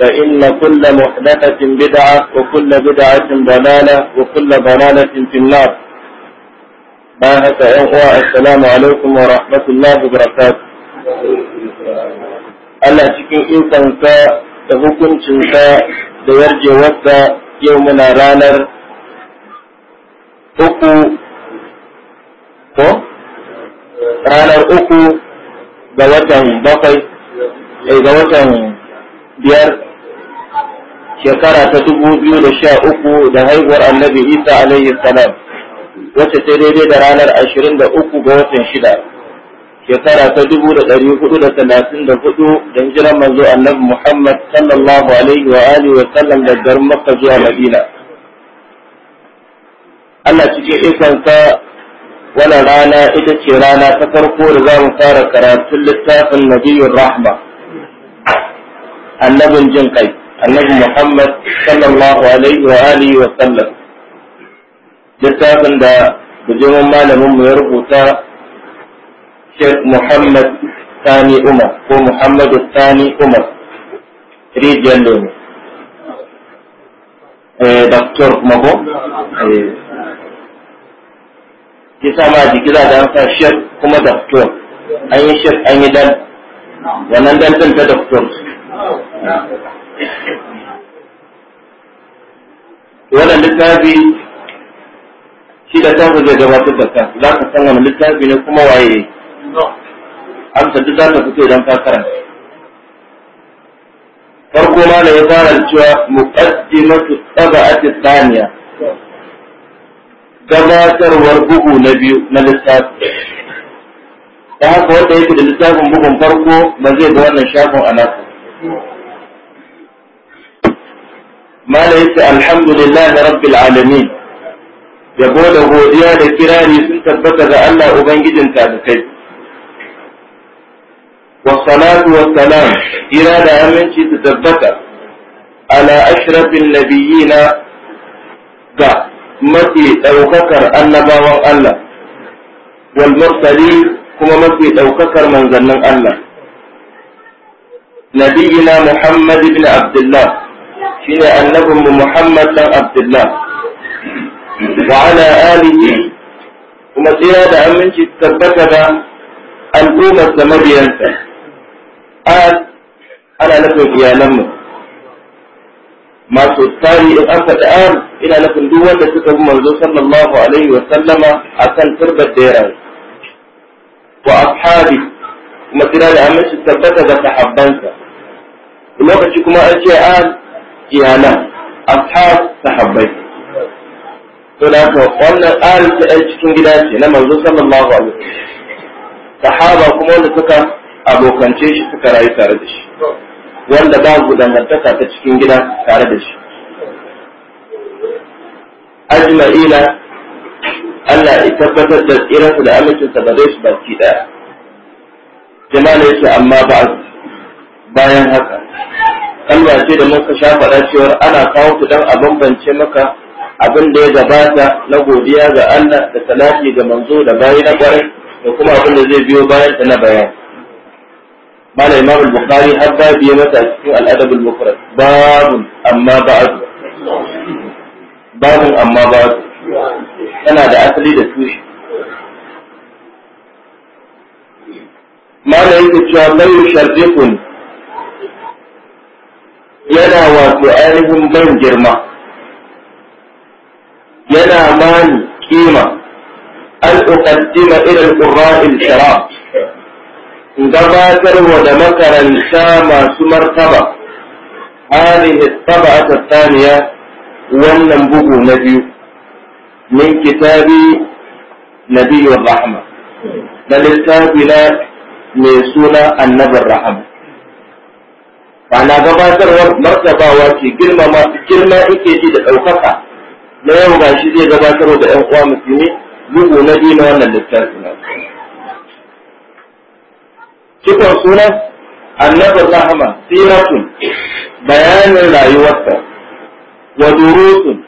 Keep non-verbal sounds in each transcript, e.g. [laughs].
فإن كل محدثة بدعة وكل بدعة ضلالة وكل ضلالة في النار باهت أخوة السلام عليكم ورحمة الله وبركاته Allah cikin ikonsa da hukuncinsa da yarjewarsa yau muna ranar uku ko? ranar uku ga watan bakwai ga watan biyar shekara ta dubu biyu da sha uku da haihuwar annabi isa alayhi salam wacce ta daidai da ranar ashirin da uku ga watan shida shekara ta dubu da ɗari hudu da talatin da hudu don hijiran manzo annabi muhammad sallallahu alaihi wa alihi wa sallam da garin makka zuwa madina allah cikin ikonsa wannan rana ita ce rana ta farko da za mu fara karatun littafin nabiyun rahma annabin jin kai النبي محمد صلى الله عليه وآله وسلم لتابن دا بجمع ما لهم يربوتا شيخ محمد ثاني أمر هو محمد الثاني أمر ريد جلوه ايه، دكتور مهو kisa ma ji kira da an sa shek kuma doktor an yi shek an yi dan wannan littafi shi da tafi zai gabatar da kansu za ka san wani littafi ne kuma waye amsa duk za ka fito idan ka karanta farko ma da ya fara cewa muqaddimatu a tsaniya gabatarwar bugu na biyu na littafi da haka wanda yake da littafin bugun farko ba zai ga wannan shafin a nasa mala yace alhamdulillahi rabbil alamin yabo da godiya da kirari sun tabbata ga Allah ubangijin talibai والصلاة والسلام إلى أمنتي تثبت على أشرف النبيين ga mafi ɗaukakar annabawan Allah, walmursali kuma mafi ɗaukakar manzannin Allah. Nabiyina Muhammad ibn Abdullah shine mu Muhammad dan Abdullah a ala alihi kuma tsira da aminci tabbata da al'ummar da mabiyansa al ana nufin iyalanmu masu tsari in an faɗi an ina nufin wanda suka bi manzo sallallahu alaihi wa sallama akan turbar da ya wa ashabi kuma tsira aminci tabbata da sahabbansa lokaci kuma an ce an iyalan ashab sahabbai to da ka wannan tsarin ta ɗan cikin gida ce na manzo sallallahu alaihi wasallam sahaba kuma wanda suka abokance shi suka rayu tare da shi wanda ba babu dangantaka ta cikin gida tare da shi ajma'ina Allah ya tabbatar da tsiransa da amincinsa ba zai shi baki daya jama'a ne amma ba bayan haka kalma ce da muka sha faɗa cewar ana kawo ku don a bambance maka abin da ya gabata na godiya ga Allah da salati ga manzo da bayi na kwarai da kuma abin da zai biyo bayan ta na bayan. Malai Imam Bukhari har ba biye mata cikin al'adab al-mufrad babun amma ba'du babun amma ba'du tana da asali da tushe Malai yake cewa bai sharriqun yana wato ainihin ban girma yana mani kima an uqaddima ila al-qurra'il kiram gabatarwa da makaran makaranta masu martaba hadhihi at-tab'a ath-thaniya wannan bugu na biyu min kitabi nabiyur rahma da littafi na mai suna annabin rahama Ana gabatarwar martabawa ce girmama girma yake ji da ɗaukaka na yau ga shi zai gabatar da ƴan uwa musulmi bugu na biyu wannan littafi na cikon sunan annabi rahama siratun bayanin rayuwarsa wa durusun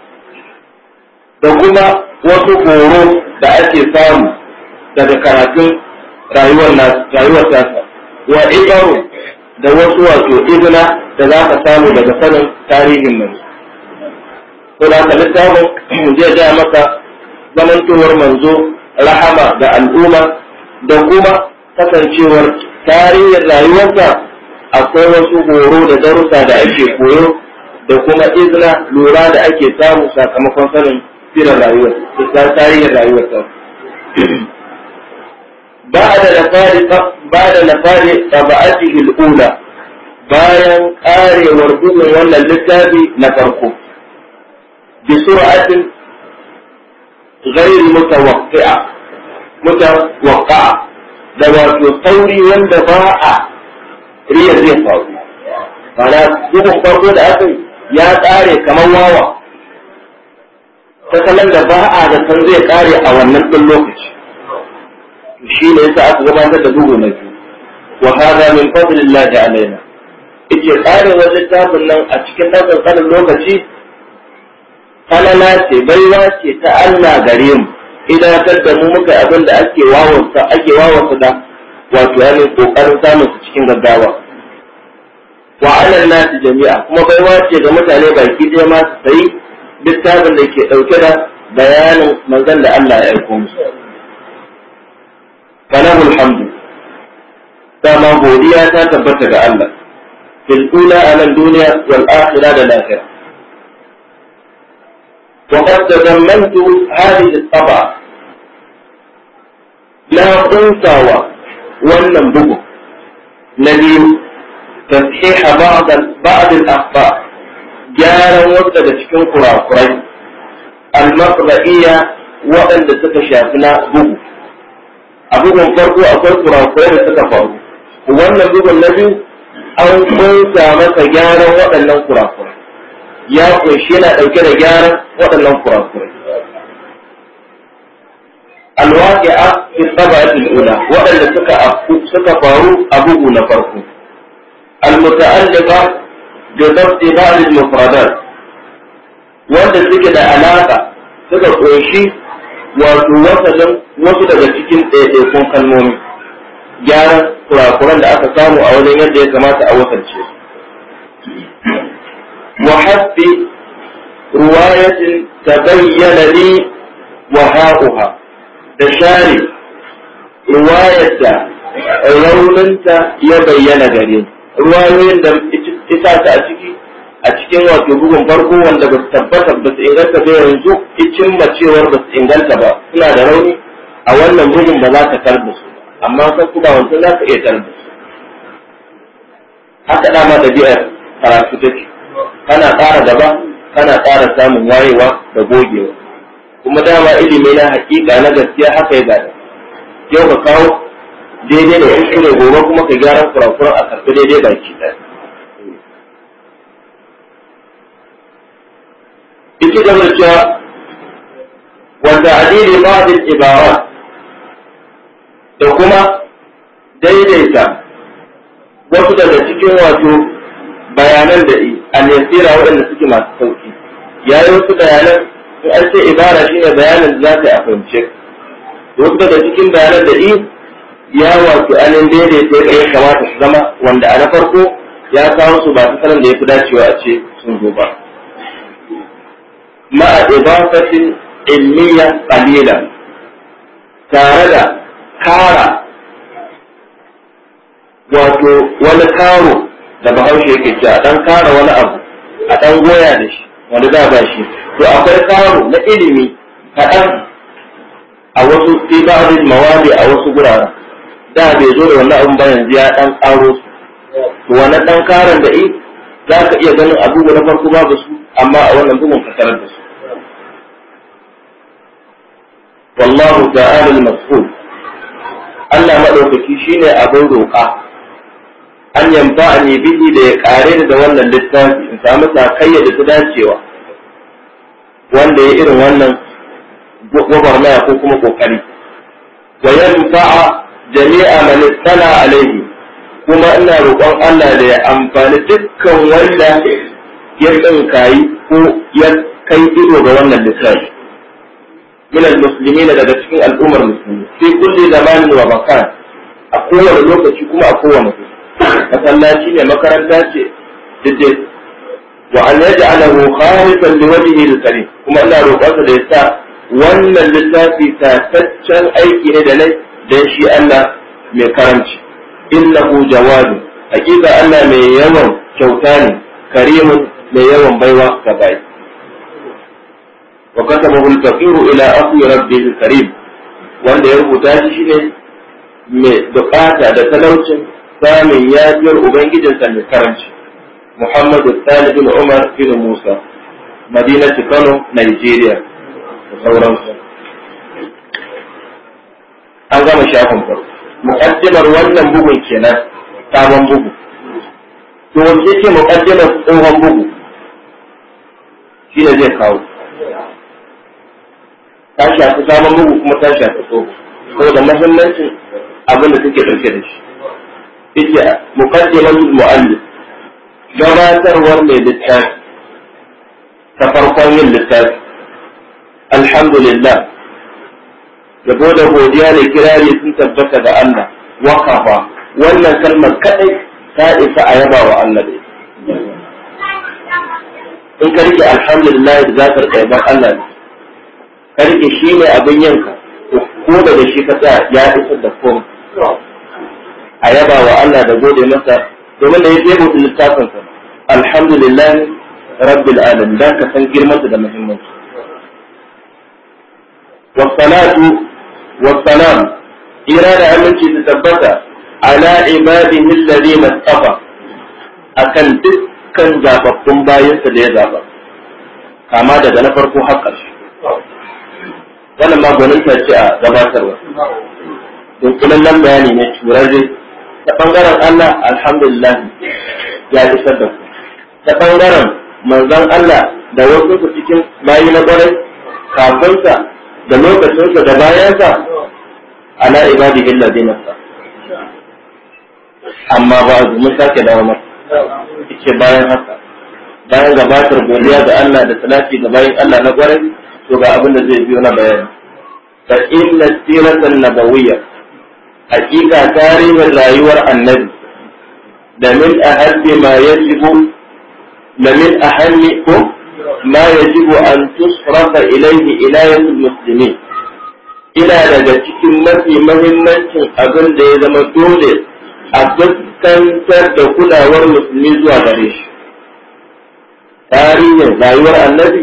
da kuma wasu horo da ake samu daga karatun rayuwar tasa wa ibaru da wasu wato izina da za ka samu daga sanin tarihin nan. ko da littafin zai gaya maka zamantowar manzo rahama da al'umma da kuma kasancewar tarihin rayuwarsa akwai wasu horo da darusa da ake koyo da kuma izina lura da ake samu sakamakon sanin firar rayuwar tarihin rayuwarsa بعد da بعد لفارق طبعته الأولى bayan ƙarewar bugun wannan littafi na farko غير متوقعة متوقعة da wato sauri wanda ba a riya zai faru mana bugun farko da aka ya tsare kamar wawa ta da ba da zai a wannan ɗin lokaci shi ne yasa aka gabatar da bugu na biyu wa hada min fadlillahi alaina tsarin karewar tabin nan a cikin ɗan tsarin lokaci falala ce baiwa ce ta Allah gare mu idatar da mu muka abin da ake wawansa ake wawansa da wato yana kokarin samun su cikin gaggawa wa alal nasi jami'a kuma baiwa ce ga mutane baki ɗaya ma su sayi littafin da ke ɗauke da bayanin manzon da Allah ya aiko musu فله الحمد فما بوديا تثبت الله في الأولى على الدنيا والآخرة على الآخرة وقد تجملت هذه الطبعة لا أنسى ولنبقه الذي تصحيح بعض بعض الأخطاء جارا وسد شكون قرى قريب المطبئية وأن تتشافنا بوكو a bugun farko akwai kurakurai da suka faru wannan bugun na biyu an kunsa masa gyaran waɗannan kurakurai ya kunshi yana ɗauke da gyaran waɗannan kurakurai alwaqi'a fi sab'atil ula waɗanda suka faru a bugu na farko almuta'allika da zafi ba al-mufradat wanda suke da alaƙa suka ƙunshi. wato wasajen wasu daga cikin ɗaiɗaikun kalmomi gyaran kurakuran da aka samu a wajen yadda ya kamata a wasance wa habbi ruwayatin tabayyana li wa ha'uha da share ruwayar da rauninta ya bayyana gare ruwayoyin da ita ta a ciki a cikin wato bugun farko wanda ba su tabbata ba su inganta ba yanzu icin macewar ba su inganta ba suna da rauni a wannan bugun ba za ka tarbi su amma kan kuma wancan za ka iya tarbi su haka dama da biyar karatu take kana ƙara gaba kana ƙara samun wayewa da gogewa kuma dama ilimi na hakika na gaskiya haka ya gada yau ka kawo daidai da shirya gobe kuma ka gyara kurakuran a karfi daidai baki ɗaya yake da mace cewa wanda adili ba'dil ibara da kuma daidaita wasu daga cikin wato bayanan da al-yasira waɗanda suke masu sauki yayi wasu bayanan su an ce ibara shine bayanin da za a fahimce wasu daga cikin bayanan da i ya wato anin daidaita ya ya kamata su zama wanda a na farko ya kawo su ba su sanin da ya fi dacewa a ce sun zo ba مع إضافة علمية قليلة تارد كارا wato wani karo da bahaushe yake ci a ɗan kara wani abu a ɗan goya da shi wani da ba shi to akwai karo na ilimi kaɗan a wasu ibadin mawadi a wasu guraren da bai zo da wani abu ba yanzu ya ɗan karo wani ɗan karon da in za ka iya ganin abubuwa na farko babu su amma a wannan bugun fasarar da su wallahu ta'ala al-mas'ul Allah madaukaki shine abin roƙa an yamba a bihi da ya kare da wannan littafi in samu sakayya da ta dacewa wanda ya irin wannan gwagwarmaya ko kuma kokari wa yanfa'a jami'a man istana alaihi kuma ina roƙon Allah da ya amfani dukkan wanda ya tsinkayi ko ya kai ido ga wannan littafi min al ne daga cikin al'ummar musulmi sai kulli zamanin wa makan a kowane lokaci kuma a kowane masallaci ne makaranta ce diddai wa an yaj'alahu khalifan li wajhihi al-karim kuma ina roƙonsa da ya sa wannan littafi tataccen aiki ne da nai dan shi Allah mai karanci innahu jawadu hakika Allah mai yawan kyauta ne karimun da yawan baiwa ga bai? wa katabahu al-faqiru ila akhi rabbihi karim wanda ya rubuta shi shine mai dukata da talaucin samun ubangijin ubangijinsa mai karanci muhammadu salih bin umar bin musa madina kano nigeria da sauransu an gama shafin farko muƙaddimar wannan bugun kenan sabon bugu to wanda yake muƙaddimar tsohon bugu shine zai kawo ta shafi sabon bugu kuma ta shafi so. saboda mahimmancin abin da suke ɗauke da shi ita muqaddimat mu'allif gabatarwar mai littafi ta farkon yin littafi alhamdulillah Da da godiya da kirari sun tabbata da Allah wakafa wannan kalmar kadai ta isa a yaba wa Allah da in ka rike alhamdulillah da zakar karban Allah ne ka rike shi ne abin yanka ko da shi ka sa ya fitar da komai a yaba wa Allah da gode masa domin da ya je mutum littafin sa alhamdulillah rabbil alamin dan ka san girman da muhimmanci والصلاة والسلام إرادة أمنتي تثبت على عباده الذين Akan أكن dukkan zababbun bayansa da ya zaba kama daga na farko har ƙarshe wannan ma ta ce a gabatarwa nan bayani ne turare ta ɓangaren Allah alhamdulillah ya isar da ku ta ɓangaren manzon Allah da wasu su cikin bayi na ƙwarai kafinsa da lokacinsa da bayansa ala illa ladina amma ba mun sake dawo masa ce bayan haka bayan gabatar godiya ga Allah da salati ga bayan Allah na gwarin to ga abin da zai biyo na bayani fa inna siratan nabawiyya hakika tarihin rayuwar annabi da min ahabbi ma yajibu da min ahammi ko ma yajibu an tusrafa ilayhi muslimin ina daga cikin mafi muhimmancin abin da ya zama dole a fuskantar da kulawar musulmi zuwa gare shi tarihin rayuwar annabi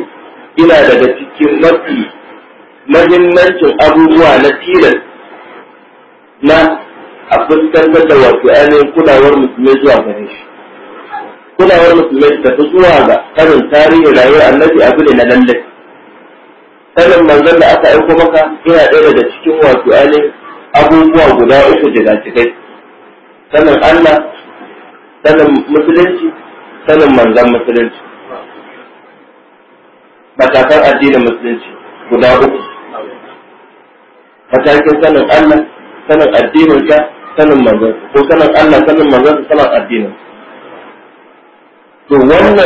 ina daga cikin mafi mahimmancin abubuwa na tilas na a fuskantar da wasu ainihin kulawar musulmi zuwa gare shi kulawar musulmi ta fi zuwa ga karin tarihin rayuwar annabi abu ne na lallai sanin manzon da aka aiko maka yana ɗaya daga cikin wasu ainihin abubuwa guda uku jigajigai sanin Allah sanin musulunci sanin manzan musulunci matakan addinin musulunci guda uku matakin sanin Allah sanin ka, sanin manzan ko sanin Allah sanin manzansa sanin addinin to wannan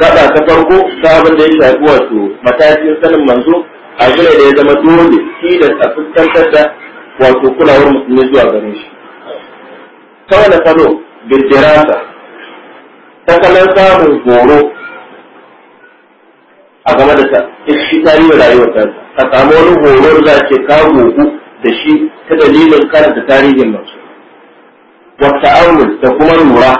gaba ta farko ta abin da ya shafi wato matakin sanin manzo a da ya zama dole shi da a fuskantar da wato kulawar musulmi zuwa ganin shi ta wani salo bidirasa ta samun horo a game da tarihin rayuwar samu wani horo da ke kawo da shi ta dalilin karanta tarihin masu wata aure da kuma lura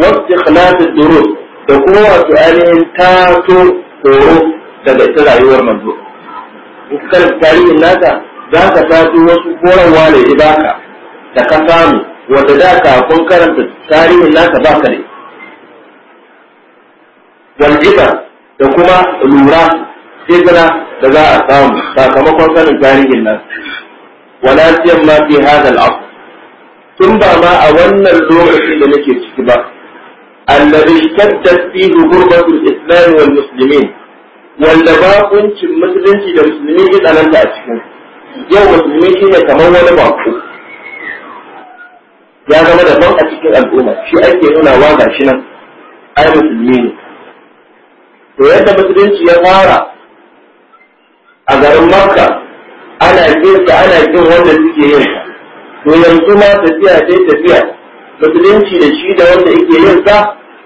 wasu ikhlasin durus da kuma wasu ainihin tato horo daga ita rayuwar manzo in ka tarihin nasa za ka tato wasu ne, idan ka. da ka samu wanda da kafin karanta tarihin naka ba ka ne waljiba da kuma lura sigina da za a samu sakamakon sanin tarihin nan wala siyan ma fi hada al'af tun ba ma a wannan lokaci da nake ciki ba alladhi shtaddat fihi ghurbatu islam wal muslimin wanda bakuncin musulunci da musulmi ya tsananta a cikin yau musulmi shine kamar wani bako ya zama daban a cikin al'umma shi ake nuna wa ga shi nan ai musulmi ne to yadda musulunci ya fara a garin makka ana yin ta ana yin wanda suke yin ta to yanzu ma tafiya sai tafiya musulunci da shi da wanda yake yin ta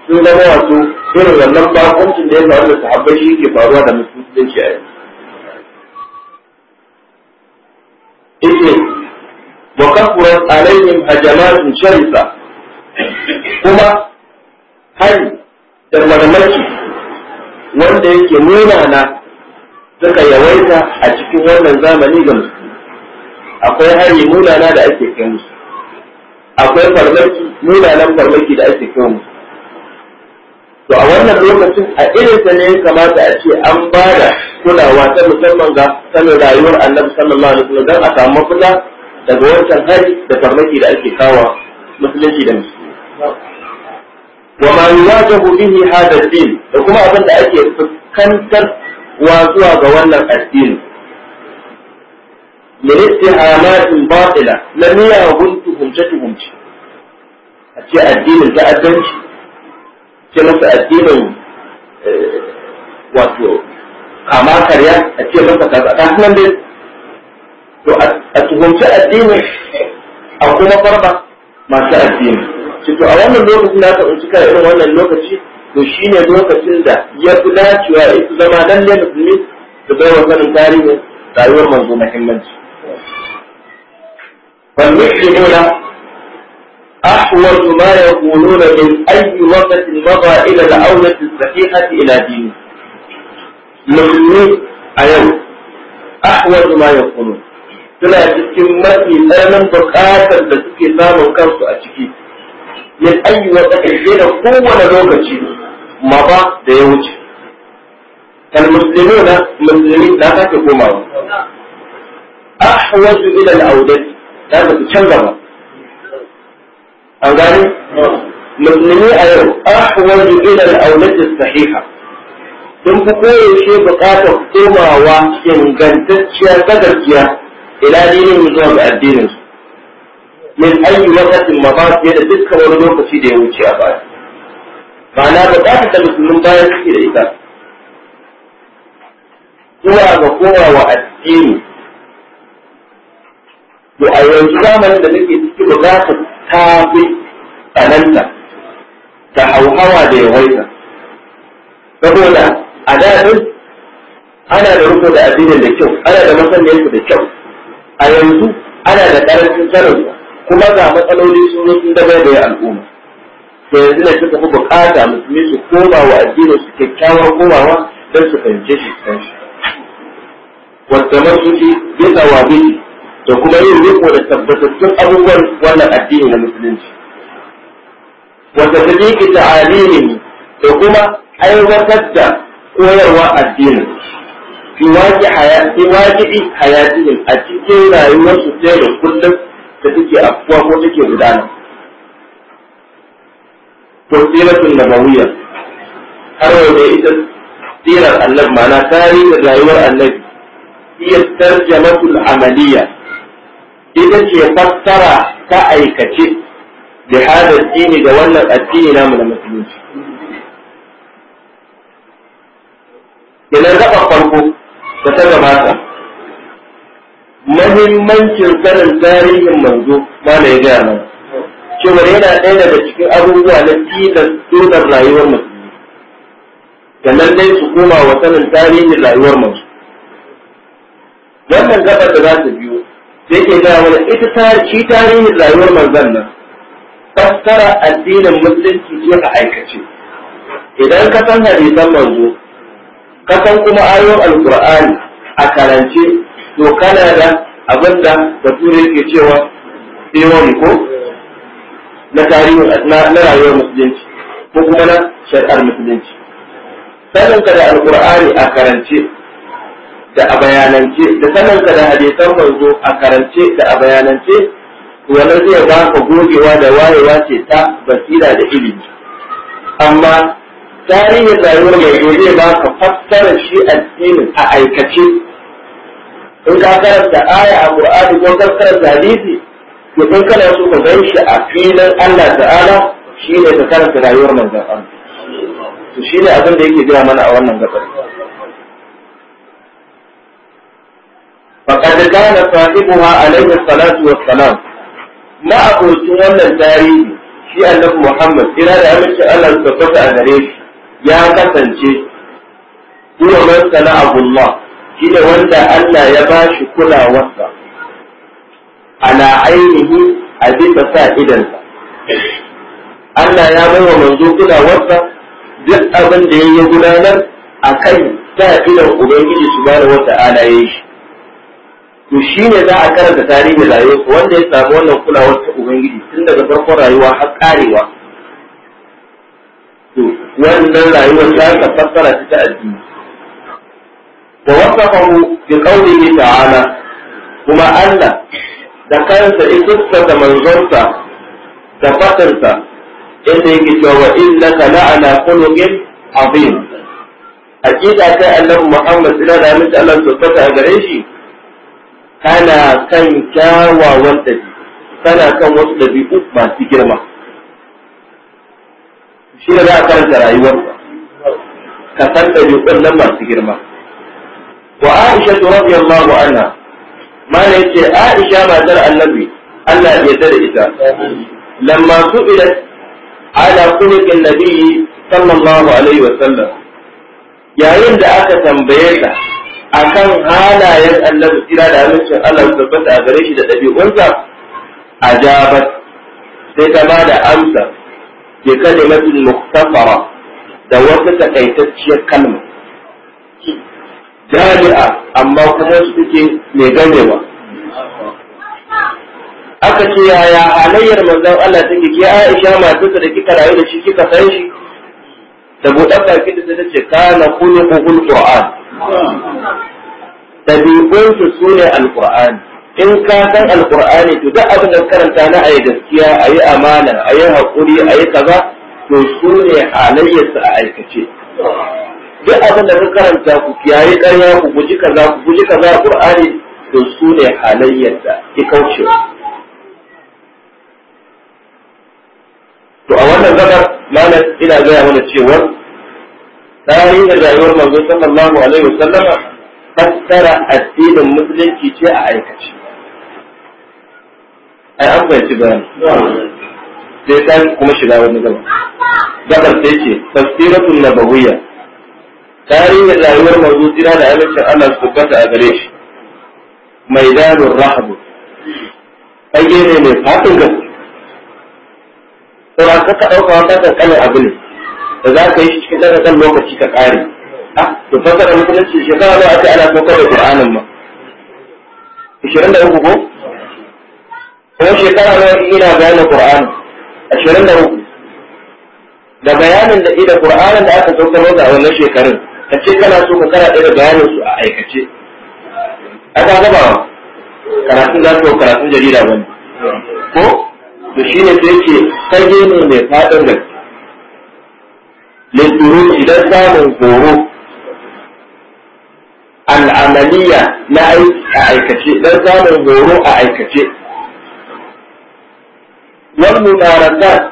sun zama wato irin wannan bakuncin da ya faru da sahabbai shi ke faruwa da musulunci a yanzu وكفرت عليهم هجمات hajamatun sharifa kuma hari da marmaki wanda yake nuna na suka yawaita a cikin wannan zamani ga musulmi akwai hari munana da ke kai musu akwai farmaki munanan farmaki da to a wannan lokacin a irinsa ne ya kamata a ce an ba da kulawa ta musamman ga sanin rayuwar annabi sallallahu alaihi wasallam don a samu kula? daga wancan hari da farmaki da ake kawo musulunci da musulmi wa ma yuwajahu ne hada din da kuma abin da ake fuskantar wa zuwa ga wannan addini min istihamatin batila na miyagun tuhumce tuhumce a ce addinin ta'addanci ce masa addinin eh, wato kama karya a ce masa kaza nan dai to a tuhumci addini a kuma farma masu addini shi to a wannan lokacin da aka ɗauki kai irin wannan lokaci to shi ne lokacin da ya fi dacewa ya fi zama nan ne musulmi da bai wa sanin tarihin rayuwar manzo muhimmanci. والمسلمون أحوج ما يقولون من أي وقت مضى إلى الأولة الصحيحة إلى دينه. مسلمين أيوه أحوج ما يقولون suna cikin mafi tsananin buƙatar da suke samun kansu a ciki ya tsayi wa tsakashe da kowane lokaci ma ba da ya wuce na المسلمون مسلمين لا ila da aure ta الأودة can gaba? an gani, musulmi a yau ahwaju ila al ta sahiha sun fi koyaushe buƙatar komawa ingantacciya ta gaskiya ila dinin zuwa ga addinin su min ayi wakatin ma ba su da dukkan wani lokaci da ya wuce a baya ma'ana ba za ta musulmin baya suke da ita zuwa ga kowa wa addini to a yanzu zamanin da nake ciki ba za ta tafi tsananta ta hauhawa da yawaita saboda a da daɗin ana da riko da addinin da kyau ana da masaniyarsa da kyau a yanzu ana da ƙarancin sanin kuma ga matsaloli sun zo sun dabe da al'umma to yanzu ne suka fi buƙata musulmi su koma wa addini su kyakkyawar komawa don su fahimce shi kan shi wanda ji bisa wa da kuma yin riko da tabbatattun abubuwan wannan addini na musulunci wanda ta liƙi da kuma aiwatar da koyarwa addinin fi waƙi hayatihim a cikin rayuwarsu ta da kullum da take afuwa ko take gudana. To tsiratun da bawiya har wanda ita tsirar annabi ma'ana da rayuwar annabi iya tarjamatul amaliya ita ce fassara ta aikace da hada dini ga wannan addini namu na musulunci. Idan gaba farko Ka ta gabata mahimmancin sanin tarihin manzo ba na ya gaya mana cewa yana ɗaya daga cikin abubuwa na tilas dodar rayuwar musulmi da nan dai su koma wa sanin tarihin rayuwar manzo wannan gabar da za ta biyo sai ke gaya wani ita shi tarihin rayuwar manzon nan fassara addinin musulunci ce aikace idan ka san hadisan manzo ka san kuma ayoyin alqur'ani a karance to kana da abinda bature yake cewa theory ko na tarihi na rayuwar musulunci ko kuma na shari'ar musulunci saninka da alkur'ani a karance da a bayanance da saninka da hadisan manzo a karance da a bayanance wannan zai ba ka gogewa da wayewa ce ta basira da ilimi amma tarihin rayuwar mai gobe ba ka fassara shi addinin a aikace in ka karanta aya a Qur'ani ko ka karanta hadisi to in kana so ka gan shi a filin Allah ta'ala shi ne ka karanta rayuwar mai Allah to shi ne abin da yake gina mana a wannan gabar فقد كان صاحبها عليه الصلاة والسلام ما أقول wannan tarihi shi annabi Muhammad ina da amince Allah ya tabbata a gare shi ya kasance huwa man sana'ahu shi shine wanda Allah ya bashi kulawarsa ana ainihi a bisa sa idansa Allah ya bai wa manzo kulawarsa duk abin da ya gudanar a kan sa idan Ubangiji subhanahu wata'ala wata alaye shi to shi za a karanta tarihin rayuwa wanda ya samu wannan kulawar ta Ubangiji tun daga farkon rayuwa har karewa wannan rayuwar ta ka fassara ta addini wa wasafahu bi qawlihi ta'ala kuma Allah da kansa ikusta da manzonsa da fatarsa inda yake cewa wa innaka la'ala khuluqin azim hakika kai annabi Muhammad sallallahu alaihi wasallam Allah tabbata a gare shi kana kan kyawawan dabi kana kan wasu dabi'u masu girma shi za a karanta rayuwarsa ka san ɗabi'un nan masu girma wa aisha tu radiyallahu anha mana yace aisha matar annabi Allah ya yarda da ita lamma su'ilat ala khuluqin nabi sallallahu alaihi wa sallam yayin da aka tambaye ta akan halayen annabi kira da amincin Allah ya tabbata a gare shi da dabi'unsa ajabat sai ta bada amsa bi kalimatin muktafara da wata takaitacciyar kalma jami'a amma kuma su take mai ganewa aka ce yaya halayyar manzon Allah take ke Aisha matarsa da kika rayu da shi kika san shi da buɗar baki da ta ce kana khuluquhul qur'an dabi'un su sune alqur'ani in ka san alqur'ani to duk abin da karanta na ayi gaskiya ayi amana ayi hakuri ayi kaza to su ne halayyarsa a aikace duk abin da ka karanta ku kiyaye ƙarya ku guji kaza ku guji kaza qur'ani to su ne halayyarsa ki kauce to a wannan gabar malam ina gaya mana cewa da rayuwar manzo sallallahu alaihi wasallama fassara addinin musulunci ce a aikace ai an fahimci bayan sai dan kuma shiga wani gaba gabar sai ce tafsiratul nabawiyya tarihin rayuwar mazu tira da amincin Allah su tabbata a gare shi maidanur rahabu fage ne mai fatin gaske to ka ka dauka wata kankanin abu ne da za ka yi shi cikin ɗan lokaci ka ƙare a to fasara musulunci shekara da aka ana kokar da Qur'anin ma 23 ko ko shekara nawa ina bayanin Qur'ani ashirin da uku da bayanin da ida Qur'anin da aka saukar masa a wannan shekarun ka ce kana so ka kara ɗaya da bayanin su a aikace a ta gaba karatun za su karatun jarida wani ko to ne sai ce fage ne mai faɗin da linturu idan samun horo al'amaliya na aiki a aikace dan samun horo a aikace wal munarazat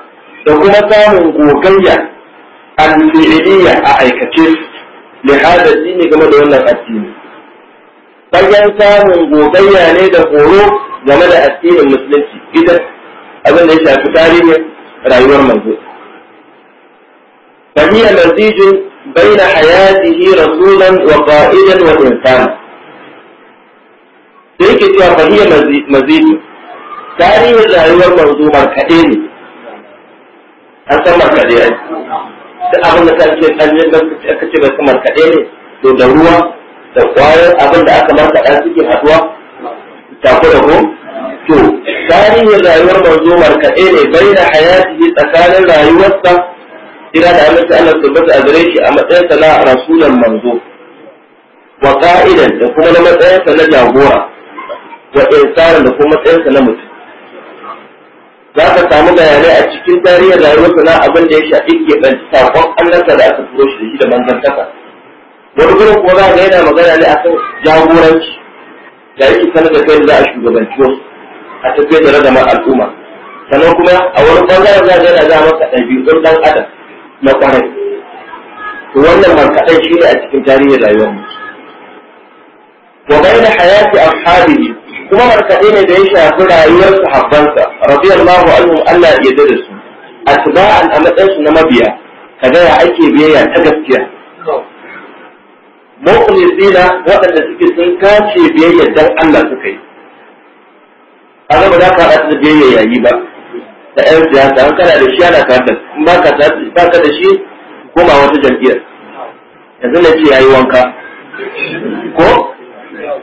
da kuma samun gogayya al-fi'liya a aikace li hada dini game da wannan addini bayan samun gogayya ne da horo game da addinin musulunci idan abin da ya shafi tarihin rayuwar manzo فهي مزيج بين حياته رسولا وقائدا وإنسانا. ذلك فهي مزيج tarihin rayuwar manzo markaɗe ne an san markaɗe ai da abin da kan ce an yi aka ce ba kamar kaɗe ne to da ruwa da kwayar abin da aka markaɗa suke haɗuwa tafi da ko to tarihin rayuwar manzo markaɗe ne bai da hayati tsakanin rayuwarsa Ina da amince Allah tabbata a gare shi a matsayinsa na rasulan manzo wa ka'idan da kuma na matsayinsa na jagora wa insanin da kuma matsayinsa na mutum za ka samu bayanai a cikin tarihin rayuwarsa na abin da ya shafi ke ɗan saƙon Allahnsa da aka turo shi da shi da manzantaka. Wani gurin kuwa za a yana magana ne akan jagoranci da yake sanar da kai da za a shugabanci wasu a tafiyar da ragamar al'umma. Sannan kuma a wani bangaren za ka yana za maka ɗabi'un ɗan adam na ƙwarai. To wannan markaɗan shi ne a cikin tarihin rayuwar mu. Wa bayan hayati ashabihi kuma markaɗe ne da ya shafi rayuwar sahabbansa radiyallahu anhum Allah ya yarda da su atba'an a matsayin su na mabiya kaga ya ake biyayya ta gaskiya mukhlisina waɗanda suke sun kace biyayya dan Allah suka yi kaga ba za ka haɗa da biyayya yayi ba da ƴan siyasa an kana da shi ana tare da in ba ka ka da shi koma wata jam'iyyar yanzu na ce yayi wanka ko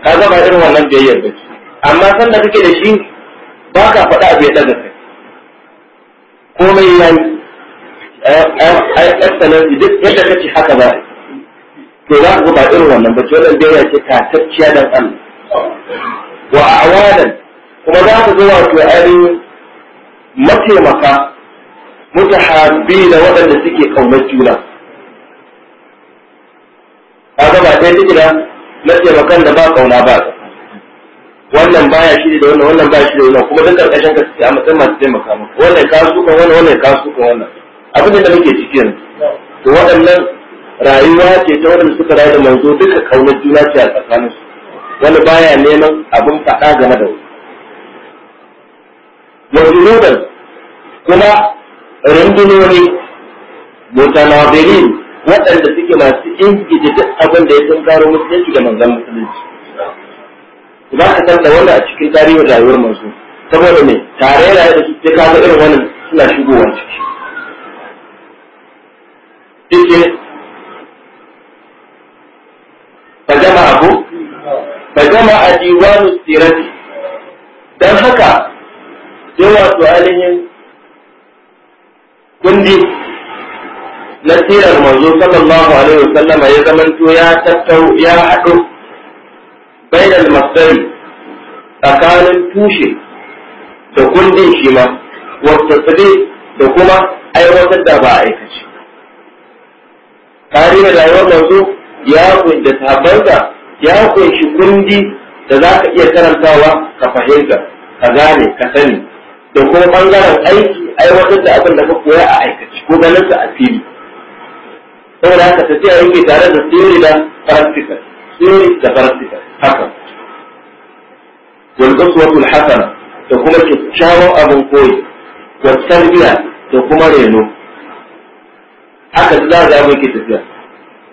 Ka ba irin wannan biyayyar ba ce amma sanda kake da shi ba ka faɗa abu ya ɗaga kai komai ya yi ai excellency duk yadda kace haka ba to za ku ba irin wannan ba to wannan dai ce tatacciya dan Allah wa awadan kuma za ku zo wato ainihin mataimaka da waɗanda suke kaunar juna kaga ba dai take da mataimakan da ba kauna ba wannan baya shi da wannan wannan baya shi da wannan kuma duk karkashin ka sai a matsayin masu taimaka maka wannan ka su wannan wannan ka su wannan abin da muke ciki yanzu to waɗannan rayuwa ce ta wanda suka rayu da manzo duka kaunar juna ce a tsakaninsu wani baya neman abin faɗa game da wani wajunudan kuma rundunoni mutanabirin waɗanda suke masu ingiji duk abin da ya tunkaro musulunci da manzan musulunci za ka san wanda a cikin tarihin rayuwar manzo saboda me tare da yadda su ka irin wannan suna shigowa ciki yake fajama abu jama a diwanu sirati Don haka yawa to ainihin kundi na tsirar manzo sallallahu alaihi wasallama ya zamanto ya tattau ya haɗu bainal masdari tsakanin tushe da kundin shi ma wata da kuma aiwatar da ba a aikace tare da rayuwar manzo ya kunshi ya kunshi kundi da za ka iya karantawa ka fahimta ka gane ka sani da kuma bangaren aiki aiwatar da abin da ka koya a aikace ko ganin a fili saboda haka tafiya yake tare da theory da practical theory da practical haka wal qaswatul hasana da kuma kyakkyawan abin koyi da tarbiya da kuma reno haka za a mu ke tafiya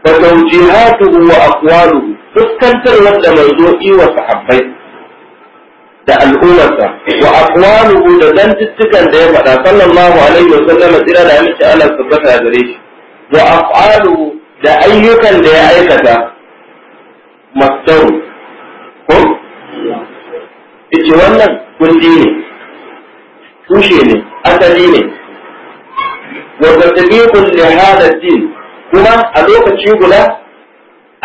fa tawjihatuhu wa aqwaluhu fuskantar wanda manzo iwa sahabbai da al'ummarsa wa aqwaluhu da zantuttukan da ya faɗa sallallahu alaihi wa sallam tsira da amince Allah gare shi wa da ayyukan da ya aikata masdaru ko wannan kundi ne tushe ne asali ne wa tatbiqun li hada din kuma a lokaci guda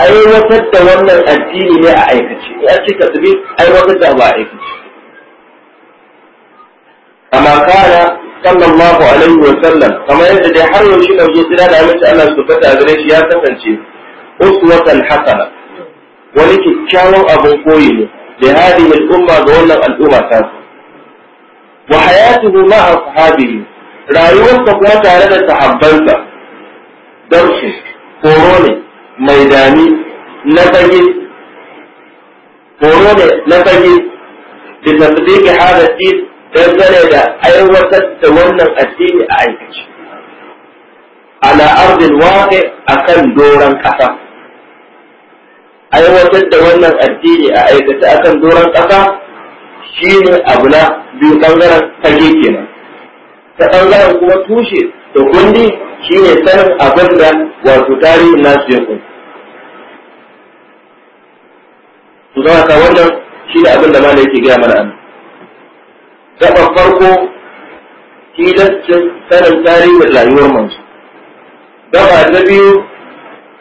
aiwatar da wannan addini ne a aikace in an ce aiwatar da ba aikace kama kana sallallahu alaihi wa sallam kamar yadda dai har yaushe manzo tsira da amince Allah su fata gare shi ya kasance uswatan hasana wani kyakkyawan abin koyi ne da hadin al'umma ga wannan al'umma ta wa hayatuhu ma'a sahabihi rayuwarsa kuma tare da sahabbansa darsu horo ne mai dami na fage horo ne na fage da tasdiki hadasi dangane da aiwatar da wannan addini a aikace ala ardil waqi akan doran kasa aiwatar da wannan addini a aikata akan doron ƙasa shi ne abu na biyu ɓangaren fage kenan ta ɓangaren kuma tushe da kundi shi ne sanin abin da wato tarihin nasu ya kun su zama ka wannan shi ne abin da ma yake gaya mana an gaɓar farko tilastin sanin tarihin rayuwar manzo gaba na biyu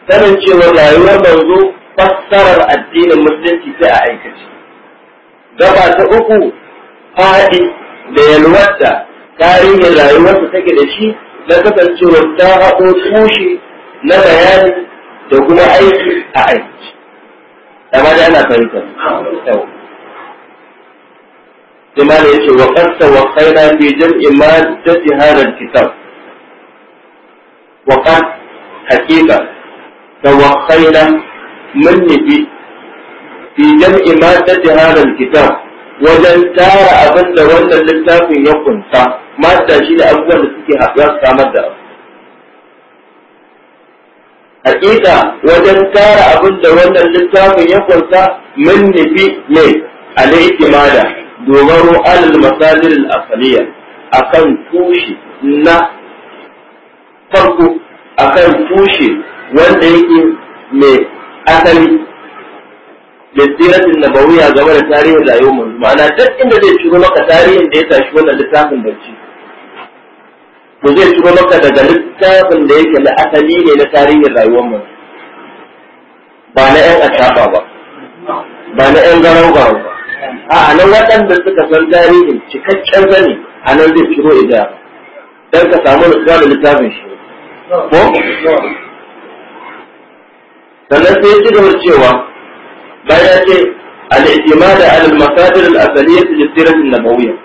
sanin cewa rayuwar manzo fassarar addinin musulunci sai a aikace gaba ta uku faɗi da yalwata tarihin rayuwarsa take da shi na kasancewar ta haɗo tushe na bayani da kuma aiki a aikace Dama da ana fahimta Wa wa لما يجي وقد توقينا في جمع مادة هذا الكتاب وقد wa توقينا mun yafi fi jam'i ma tajhara kitab wajen tara abin wannan littafin ya kunta mata da abubuwan suke haɗuwa samar da abu hakika wajen tara abinda wannan littafin ya kunta mun nufi ne al'ikimada dogaro alal masalir al'asaliya akan tushe na farko wanda yake asali da siratin nabawiyya game da tarihin rayuwar manzo ma'ana duk inda zai shigo maka tarihin da ya tashi wannan littafin barci to zai shigo maka daga littafin da yake na asali ne na tarihin rayuwar manzo ba na yan asaba ba ba na yan garau ba a nan waɗanda suka san tarihin cikakken gani a nan zai shigo idan dan ka samu nutsuwa da littafin shi ko sannan sai ci gaba cewa bayan ce al-i'timad ala al-masadir al-asaliyyah li sirah an-nabawiyyah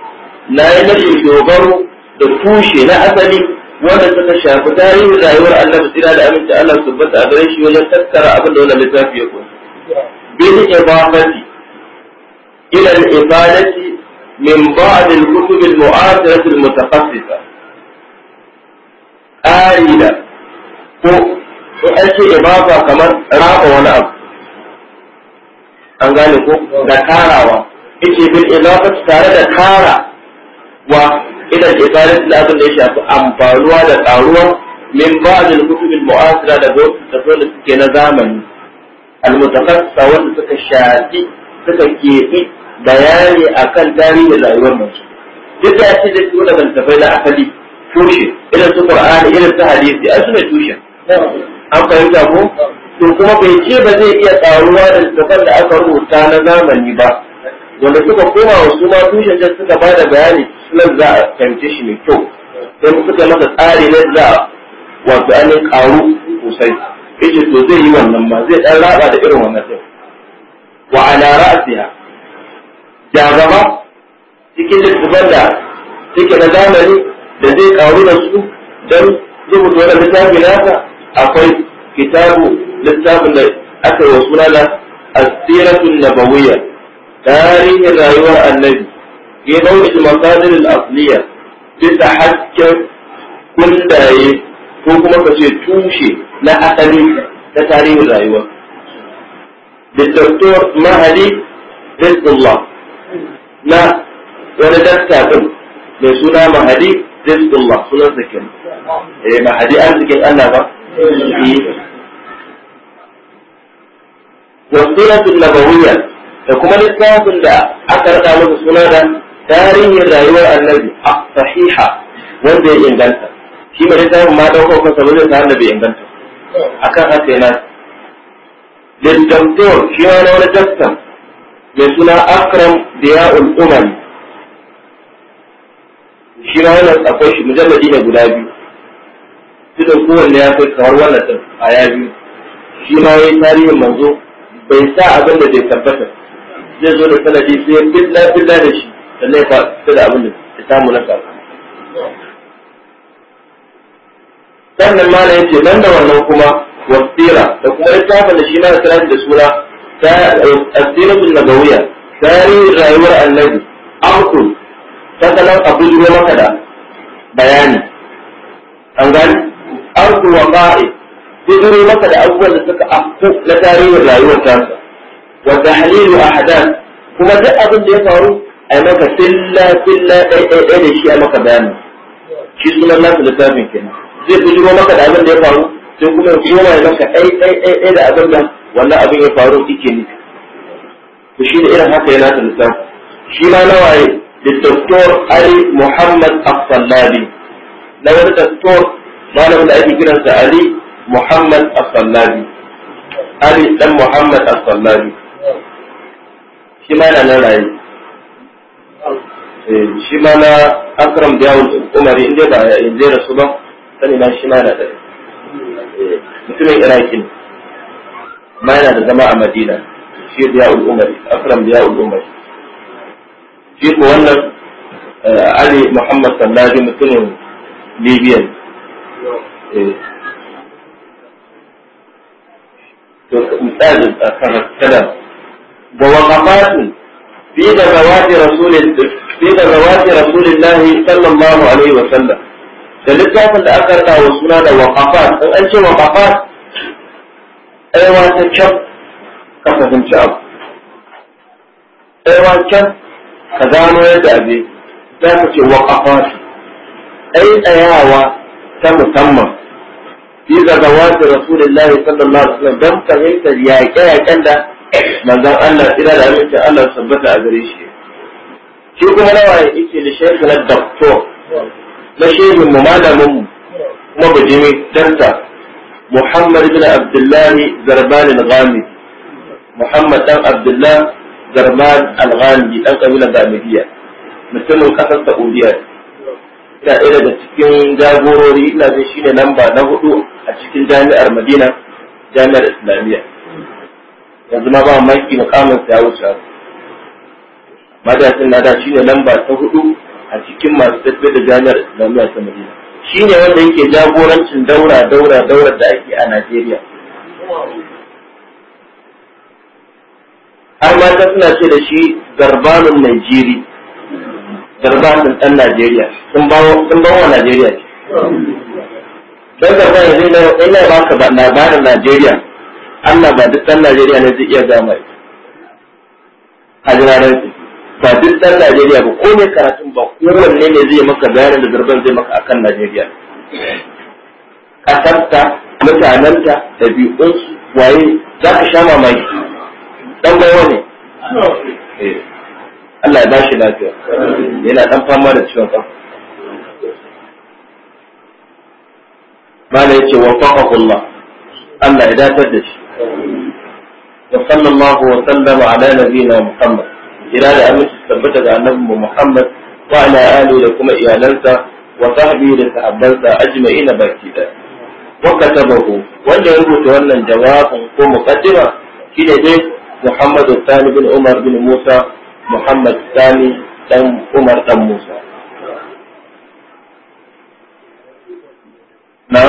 na yi nake dogaro da tushe na asali wanda suka shafi tarihin rayuwar Allah sira da aminci Allah subhanahu a gare shi wajen tattara abin da wannan littafi ya kunsa bil ibadati ila al-ibadati min ba'd al-kutub al-mu'asirah al-mutakhasisa arida ko in an ce ibafa kamar raba wani abu an gane ko da karawa ita bil ibada tare da kara wa idan ibada da abin da ya shafi amfanuwa da karuwa min ba'd al muasira da wasu tafsirin da suke na zamani al wanda suka shafi suka keɓi bayani akan tarihin rayuwar mutum duk da ce da su da ban tafai na asali tushe irin su qur'ani irin su hadisi a su ne tushen an fahimta ko to kuma bai ce ba zai iya karuwa da littafan da aka rubuta na zamani ba wanda suka koma wa su ma tushen can suka ba da bayani sunan za a fahimce shi mai kyau sai suka masa tsari na za wato an karu sosai yace to zai yi wannan ba zai dan raba da irin wannan sai wa ala ra'siha da gaba cikin littafan da suke na zamani da zai karu da su don rubuta da littafin nasa akwai kitabu littafin da aka yi suna da asiratun nabawiyya tarihin rayuwar annabi ke bauta masadir al-asliya bisa hasken kundaye ko kuma ka ce tushe na asali ta tarihin rayuwa da doktor mahadi rizullah na wani dakta din mai suna mahadi rizullah sunan sakin eh mahadi arzikin Allah ba wasu nabawiyya da kuma littafin da aka rada musu suna da tarihin rayuwar annabi a sahiha wanda ya inganta shi mai littafin ma ɗaukar kansa ba zai sa annabi inganta akan haka yana littafin shi ma na wani daktan mai suna akram diya'ul umar shi ma wannan akwai shi mujalladi ne guda biyu tunda kowanne ya kai kamar wannan din a ya biyu shi ma yayi tarihin manzo bai sa abin da bai tabbata zai zo da sanadi sai ya fitna fitna da shi sannan ya fita da abin da ya samu na sako sannan ma ya ce nan da wannan kuma wasira da kuma littafin da shi ma ya da suna asirin nabawiya tarihin rayuwar annabi akul ta abu ne maka da bayani an gani arku wa ma'i zai masa da abubuwan da suka afku na tarihin rayuwar tasa wa tahlilu ahdath kuma duk abin da ya faru a yi maka filla filla ɗai ɗai ɗai da shi a maka bayani shi sunan nasu littafin kenan zai bujiro maka da abin da ya faru sai kuma koma ya maka ɗai ɗai ɗai ɗai da abin da wannan abin ya faru yake ne to shi ne irin haka yana ta littafi shi ma nawaye da doktor Ali Muhammad Afsallabi na wani doktor malamin da ake kiransa Ali Muhammad As-Sallabi Ali dan Muhammad As-Sallabi shi ma yana nan raye shi ma na Akram Diyawun Umari inda ba ya inda rasu ba sani na shi ma na da mutumin Iraki ne ma yana da zama a Madina shi Diyawun Umari Akram Diyawun Umari shi ko wannan Ali Muhammad Sallabi mutumin Libya ne مثال آخر الكلام بوقفات في ذوات رسول في ذوات رسول الله صلى الله عليه وسلم دلتوات الأخرة وصنا وقفات أو أنت وقفات أي وقت كم كم تنجع أي وقت كم كذا ما يدعي ذاك وقفات أي أيوة ta musamman fi zagawati rasulullahi sallallahu alaihi wasallam dan fahimtar yaƙe-yaƙen da manzon Allah tsira da aminci Allah sabbata a gare shi shi kuma nawa yake da shehu na doctor na shehu mu malamin mu kuma bijimi danta Muhammad ibn Abdullah Zarban al-Ghami Muhammad dan Abdullah Zarban al-Ghami dan kabila Gamidiya mutumin kasar Saudiya ina ɗaya daga cikin jagorori ina zai shi ne lamba na hudu a cikin jami'ar madina jami'ar islamiyya yanzu ma ba maki sa ya wuce madasin na da shi ne lamba ta hudu a cikin masu tafiye da jami'ar islamiyya ta madina shi ne wanda yake jagorancin daura daura daura da ake a najeriya har mata suna ce da shi zarbanin Najeriya. garba din dan Najeriya sun bawo sun bawo Najeriya dan garba yanzu ina ina baka ba na ba Najeriya Allah ba duk dan Najeriya ne zai iya gama a jiraran ba duk dan Najeriya ba ko ne karatun ba Ko wanne ne zai maka bayanin da garban zai maka akan Najeriya kasarta mutanenta ɗabi'unsu waye za ka sha mamaki dan bawa ne eh. Allah ya ba shi lafiya yana dan fama da ciwon ya ce yace wafaqahu Allah Allah ya datar da shi wa sallallahu wa sallama ala nabiyina Muhammad ila da aminci tabbata ga annabi Muhammad wa ala da kuma iyalansa wa sahbihi da sahabbansa ajma'ina baki da wa katabahu wanda ya rubuta wannan jawabin ko muqaddima shine ne dai Muhammad Sani bin Umar bin Musa Muhammad Sani dan Umar dan Musa. Na?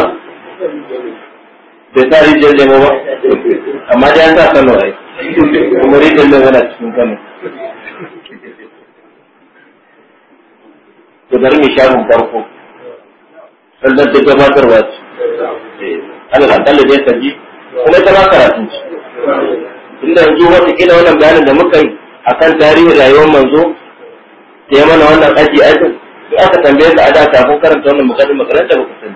Bai sa rijiyar lemo ba? Amma dai an sa Kano ai. Kuma rijiyar lemo na cikin Kano. To bari mu shafin farko. Sannan ta gabatarwa ce. Eh, Allah kalla ka yanzu wata da akan tarihin rayuwar manzo da ya mana wannan aji ajin sai aka tambaye ka ada da kafin karanta wannan mukaddin makaranta ba ku sani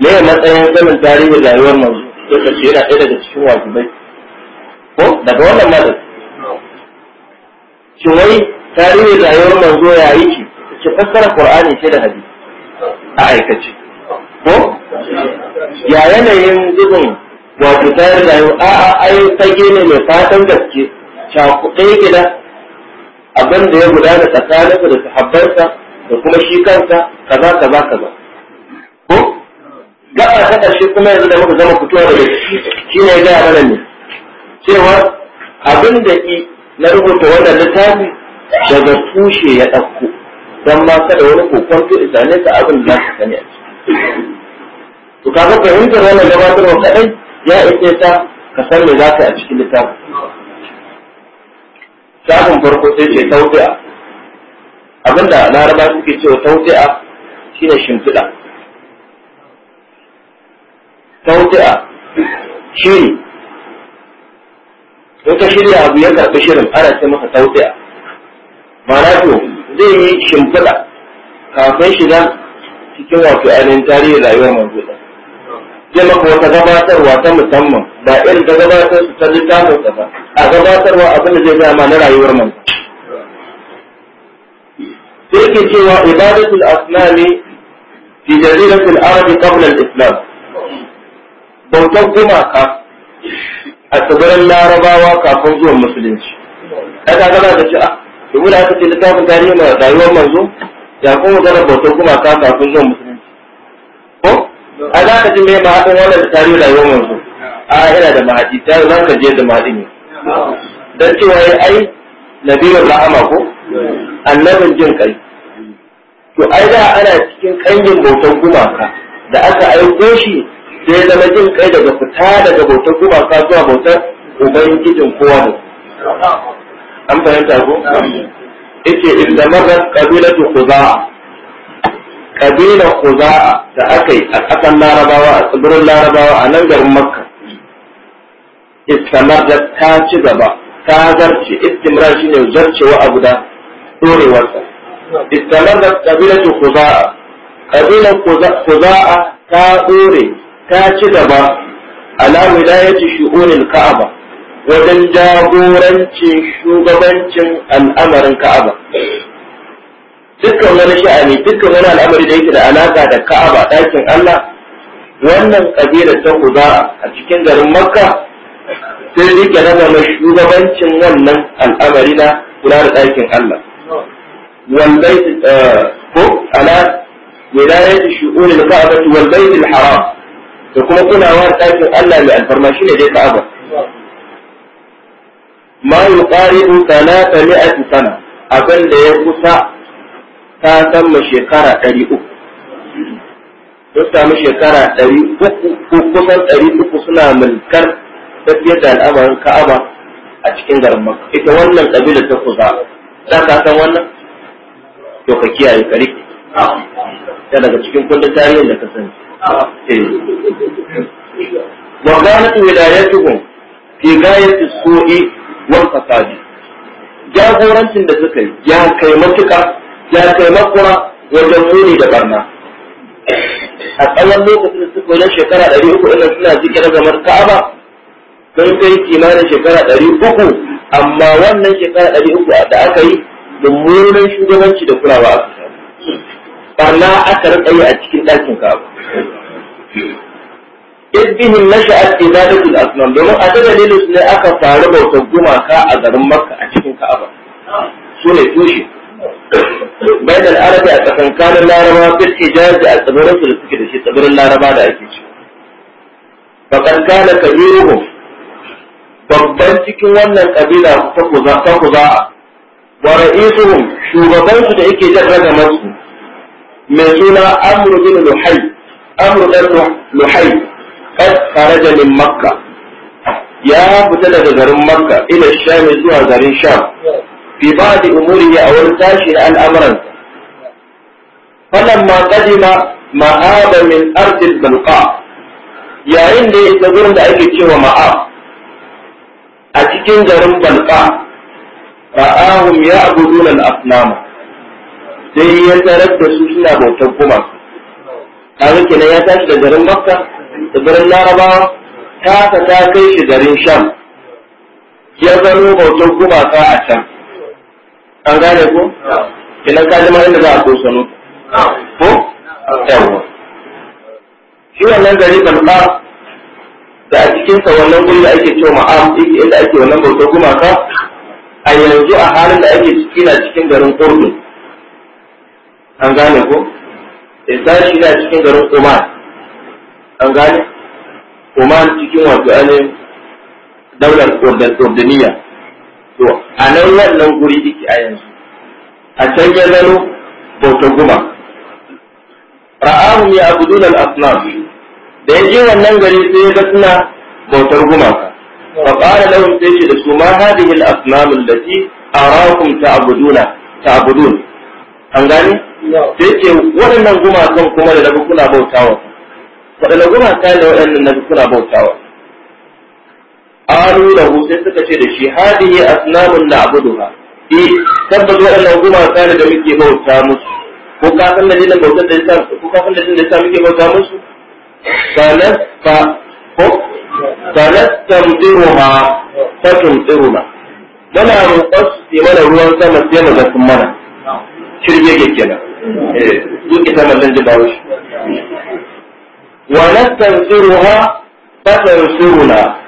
me ya matsayin sanin tarihin rayuwar manzo sai ka ce yana ɗaya daga cikin wajibai ko daga wannan malam shin wai tarihin rayuwar manzo ya yi ki ki fassara qur'ani ce da hadisi a aikace ko ya yanayin zubin wato ta yi rayu a'a ai fage ne mai fatan gaske cakuɗe gida abin da ya gudana tsakaninsa da sahabbansa da kuma shi kansa kaza kaza kaza ko gaba ta ƙarshe kuma yanzu da muka zama fitowa daga ciki shi ne ya gaya ne cewa abin da i na rubuta wannan littafi daga tushe ya ɗauko don ma kada wani kokonto isane ta abin da za ka sani a ciki. To kaga fahimtar wannan gabatarwa kaɗai ya ake ta ka san me za ka a cikin littafin shafin farko sai ce taudi'a abinda laraba suke cewa taudi'a shine shimfiɗa taudi'a shiri in ka shirya abu ya karɓi shirin ana ce masa taudi'a ma'ana zai yi shimfiɗa kafin shiga cikin wato ainihin tarihin rayuwar manzo ya maka wata gabatarwa ta musamman ba irin ta gabatar su ta littafin ta ba a gabatarwa abin da zai ga ma na rayuwar mu sai ke cewa ibadatul asnami fi jaziratul arab qabla al-islam bautar ka a tsibirin larabawa kafin zuwan musulunci kaga gana da shi a ah, domin da aka ce littafin tarihi mai rayuwar manzo ya kuma gana bautar ka kafin zuwan musulunci a za ka ji mai mahaɗin wannan da tarihi rayuwar manzo a yana da mahaɗi ta za ka je da mahaɗin ne don cewa ya ai nabiyar rahama ko annabin jin kai to ai da ana cikin ƙanyin bautan gumaka da aka aiko shi sai ya zama jin kai daga fita daga bautan gumaka zuwa bautar ubangijin kowa ne an fahimta ko yace idza marrat ku khuza'a kabila Khuza'a da aka yi a ƙasan Larabawa a tsibirin Larabawa a nan garin Makka istamar da ta ci gaba ta zarce istimrar shine zarcewa abu da dorewarsa istamar da kabilar Khuza'a kabilar Khuza'a ta dore ta ci gaba ala wilayati shu'unil Ka'aba wajen jagorancin shugabancin al'amarin Ka'aba dukkan wani sha'ani dukkan wani al'amari da yake da alaka da Ka'aba ɗakin Allah wannan kabilar ta Kuza a cikin garin Makka sai rike raba na shugabancin wannan al'amari na kula da ɗakin Allah wallai eh, ko ala wilayati shu'unil Ka'aba wal Baitul Haram da kuma kulawar ɗakin Allah mai alfarma shine dai Ka'aba ma yuqaribu 300 sana abin da ya kusa ta samma shekara ɗari uku sun samu shekara ɗari uku ko kusan ɗari uku suna mulkar tafiyar da al'amarin ka'aba a cikin garin makka ita wannan ƙabilar ta kuza za ka san wannan to ka kiyaye kare ta daga cikin kundin tarihin da ka sani eh. wa kanat wilayatuhum fi ghayati su'i wal fasadi jagorancin da suka yi ya kai matuka ya kai makura wajen muni da barna a tsawon lokacin da suka wajen shekara ɗari uku inda suna zikirar zamar ka'aba sun kai kimanin shekara ɗari uku amma wannan shekara ɗari uku da aka yi mummunan shugabanci da kulawa a barna aka rika yi a cikin ɗakin ka'aba na nasha'at ibadatul asnam domin a dalilin ne aka faru bautar gumaka a garin makka a cikin ka'aba su ne tushe bayan arabi a tsakankanin laraba fil hijaz a tsibirin su da suke da shi tsibirin laraba da ake ci fakan kana Kabiru. babban cikin wannan kabila ta kuza wa ra'isuhum shugaban su da yake jan raga masu mai suna amru bin luhai amru dan luhai kad kharaja min makka ya fita daga garin makka ila sham zuwa garin sham fi umuri ne a wurin tashi da al'amuran falamma qadima ma'aba min ardil balqa yayin da ya gurin da ake cewa ma'ab a cikin garin balqa ra'ahum ya'buduna al-asnama sai ya tarar da su suna bautar gumaka kaga kenan ya tashi da garin makka da garin larabawa ta ta kai shi garin shan. ya gano bautar gumaka a can an gane ko idan ka jima inda za a so sanu ko yawa shi wannan gari balba da a cikin sa wannan guri da ake cewa ma'am inda ake wannan kuma ka a yanzu a halin da ake ciki na cikin garin Urdun an gane ko isa shi na cikin garin kuma an gane Oman cikin wato ainihin daular Urdaniya to a nan wannan guri iki a yanzu a can ya gano bauta guma ra'ahum ya abudun al-asnam da ya je wannan gari sai ya ga suna bautar gumaka fa qala lahum sai ce da su ma hadhihi al-asnam allati arakum ta'buduna ta'budun an gane sai ce waɗannan gumakan kuma da nabi kuna bautawa waɗannan gumaka da waɗannan nabi kuna bautawa qalu lahu sai suka ce da shi hadihi asnamun na. eh tabbas waɗannan gumaka ne da muke bauta musu ko ka san da dalilin bautar da yasa ko ka san da dalilin da yasa muke bauta musu salas fa ko salas tamtiruha muna roƙon su ruwan sama sai mu mana shirye ke kenan eh duk ita mallan ji bawo shi wa nastansiruha fatansuruna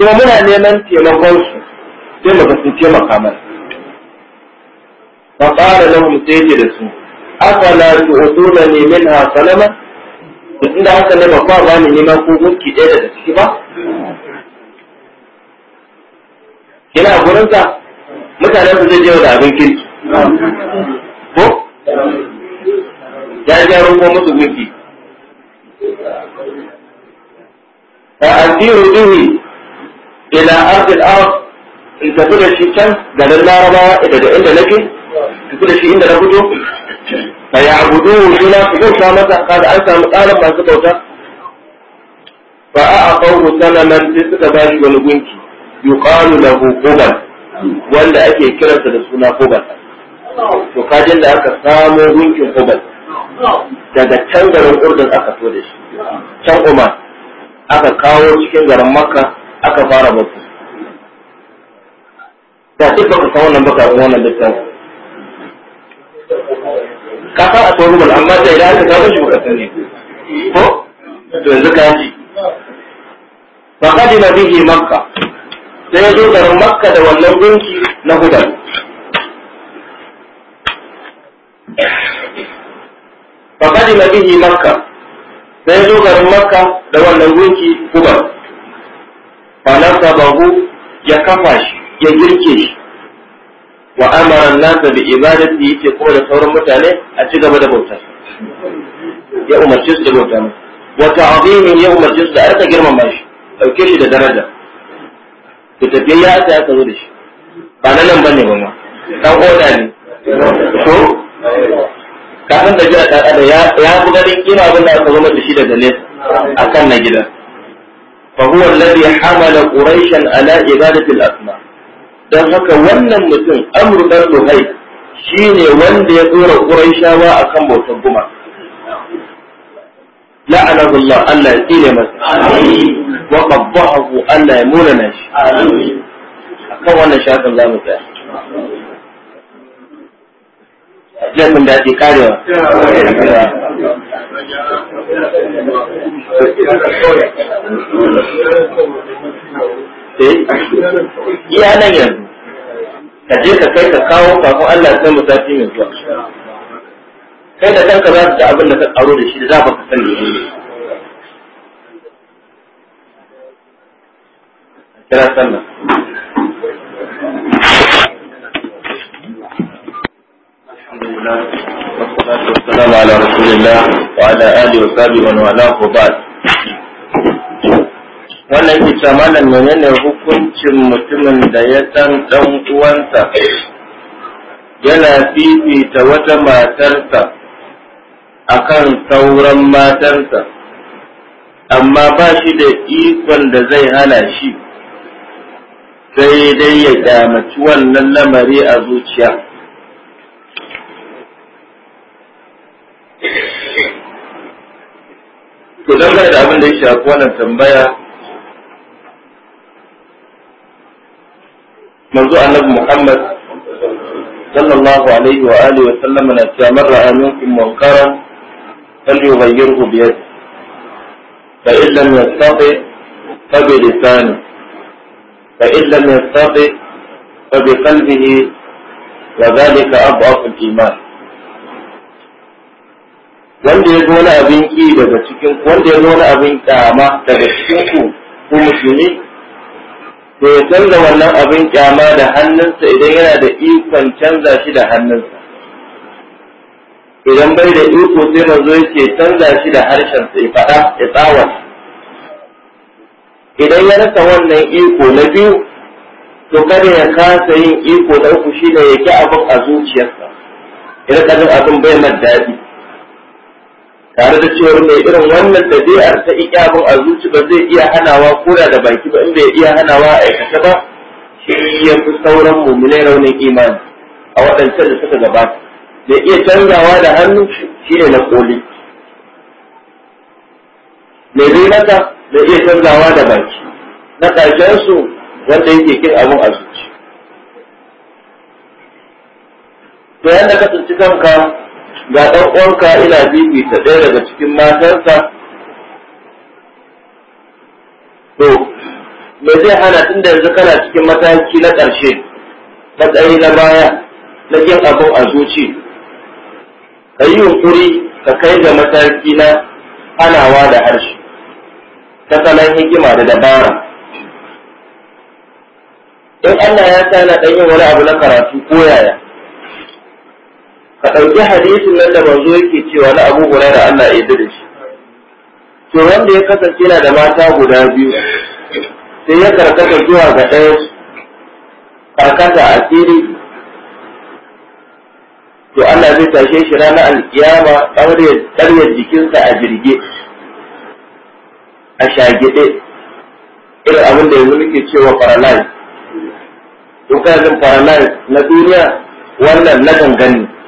kuma muna neman taimakon su sai ba su taimaka mana fa qala lahum sai ce da su afala tu'tuna ni minha salama da inda haka ne ba kwa ba ni neman ko gunki ɗaya daga ciki ba kina gurin ka mutanen su zai je da abin kirki ko ya ja rungo musu gunki fa asiru bihi ila ardil arab in tafi da shi can garin larabawa da inda nake tafi da shi inda na fito fa ya'budu suna su bauta masa da an samu ƙarin masu bauta fa a aqawu sanaman sai suka ba shi wani gunki yuqalu lahu qubal wanda ake kiransa da suna qubal to kajin da aka samo gunkin qubal daga can garin urdun aka so da shi can umar aka kawo cikin garin makka aka fara ba da duk baka san wannan baka san wannan dukkan ka san a tsoro bal amma da idan ka san shi baka sani ko to yanzu ka ji fa na bihi makka sai ya zo garin makka da wannan gunki na hudar fa na bihi makka sai ya zo garin makka da wannan gunki hudar rakabahu ya kafa shi ya girke shi wa amara nasa bi ibadati yake kuma da sauran mutane a ci gaba da bauta ya umarce su da bauta masa wa ta'zimin ya umarce su da arka girmama shi dauke shi da daraja ku tafi ya ta aka zo da shi ba na nan bane ba ma dan oda ne to kafin da jira da ya ya bugarin kina abin da aka zo da shi daga nesa akan na gida فهو الذي حمل قريشا على عبادة الأسماء dan haka wannan mutum amru dan duhai shine wanda ya dora quraishawa akan bautar guma la'anahu Allah Allah ya tsine masa wa qabbahu Allah ya mulana shi akan wannan shafin zamu tsaya zai kun daɗi karewa. Eh? Iya nan yanzu, ka je ka kai ka kawo kafin Allah sai mu zafi mai zuwa. Kai da kanka za su ta abin da ka tsaro da shi da za ka sani ne. Kira sallah. الله والصلاة والسلام على رسول الله وعلى آله وصحبه ومن والاه hukuncin mutumin da ya san dan uwansa yana fifita wata matarsa akan sauran matarsa amma ba shi da ikon da zai hana shi sai dai ya damaci wannan lamari a zuciya to dangane da abin da ya shafi wannan tambaya manzo annabi Muhammad sallallahu alaihi wa alihi wa sallam na cewa man ra'a minkum munkaran falyughayyirhu bi yadi fa in lam yastati fa bi lisani fa in lam yastati fa bi qalbihi wa dhalika adhafu al-iman wanda ya zo wani abin ki daga cikin wanda ya zo wani abin kyama daga cikin ku ku musulmi to ya canza wannan abin kyama da hannunsa idan yana da ikon canza shi da hannunsa idan bai da iko sai manzo yake canza shi da harshen ya faɗa ya tsawa idan ya rasa wannan iko na biyu to kada ya kasa yin iko da uku shi da yake abin a zuciyarsa ya abin bai man daɗi tare da cewar mai irin wannan ɗabi'ar ta ikyabin a zuci ba zai iya hanawa koda da baki ba in bai iya hanawa a aikata ba shi ya fi sauran mummunai raunin imani a waɗancan da suka gabata da iya canzawa da hannu shi ne na koli mai zai mata da iya canzawa da baki na ƙarshen su wanda yake kin abin a zuci to yadda ka tsinci kanka ga ɗan uwanka ina ta ɗaya daga cikin matarsa? to me zai hana tun da yanzu kana cikin mataki na ƙarshe matsayi na baya na yin abin a zuci ka yi yunƙuri ka kai ga mataki na hanawa da harshe ta salon hikima da dabara in Allah ya sa na ɗan yin wani abu na karatu ko yaya ka ɗauki hadisin nan da manzo yake cewa na abu da Allah ya yi da shi to wanda ya kasance yana da mata guda biyu sai ya karkata zuwa ga ɗaya karkata a tsiri to Allah zai tashe shi ranar alkiyama ƙaryar jikinsa a jirge a shagide irin abin da yanzu muke cewa paralyze to kana jin paralyze na duniya wannan na gangane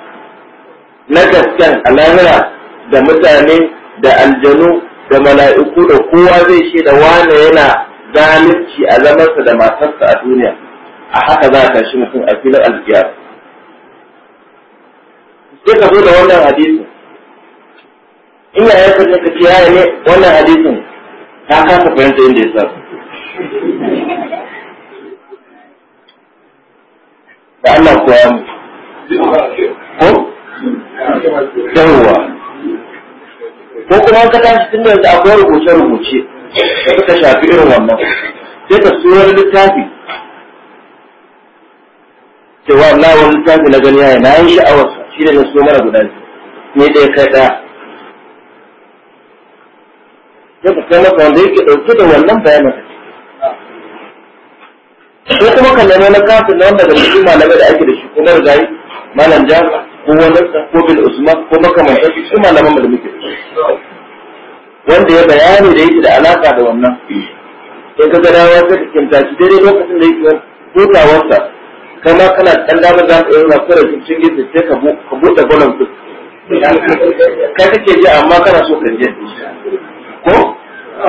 na gasken a da mutane da aljanu da mala'iku da kowa zai shi da wane yana zalunci a zamansa da matarsa a duniya a haka za ka shi mutum a filin alkiyar sai ka zo da wannan hadisin in ya yi ka kiyaye ne wannan hadisin ta kasa fahimta inda ya sa da Allah koya mu ko yawwa ko kuma ka tashi tun da akwai rubuce-rubuce da suka shafi irin wannan sai ka siyo wani littafi wa na wani littafi na gani yayi na yi sha'awarsa shi ne na siyo mara guda ne da ya kai ɗaya sai ka kai masa wanda yake ɗauke da wannan bayanin ko kuma ka nemo na kafin na wanda daga cikin malamai da ake da shi kuma gari, malam jami'a ko walarsa ko bil usma ko makamantan shi cikin malaman da muke wanda ya bayani da yake da alaka da wannan sai ka gada wa ka kinta shi daidai lokacin da yake hutawarsa kama kana dan dama za ka yi wani kura cikin gizo sai ka buɗe gwalan su kai kake ji amma kana so ka je ko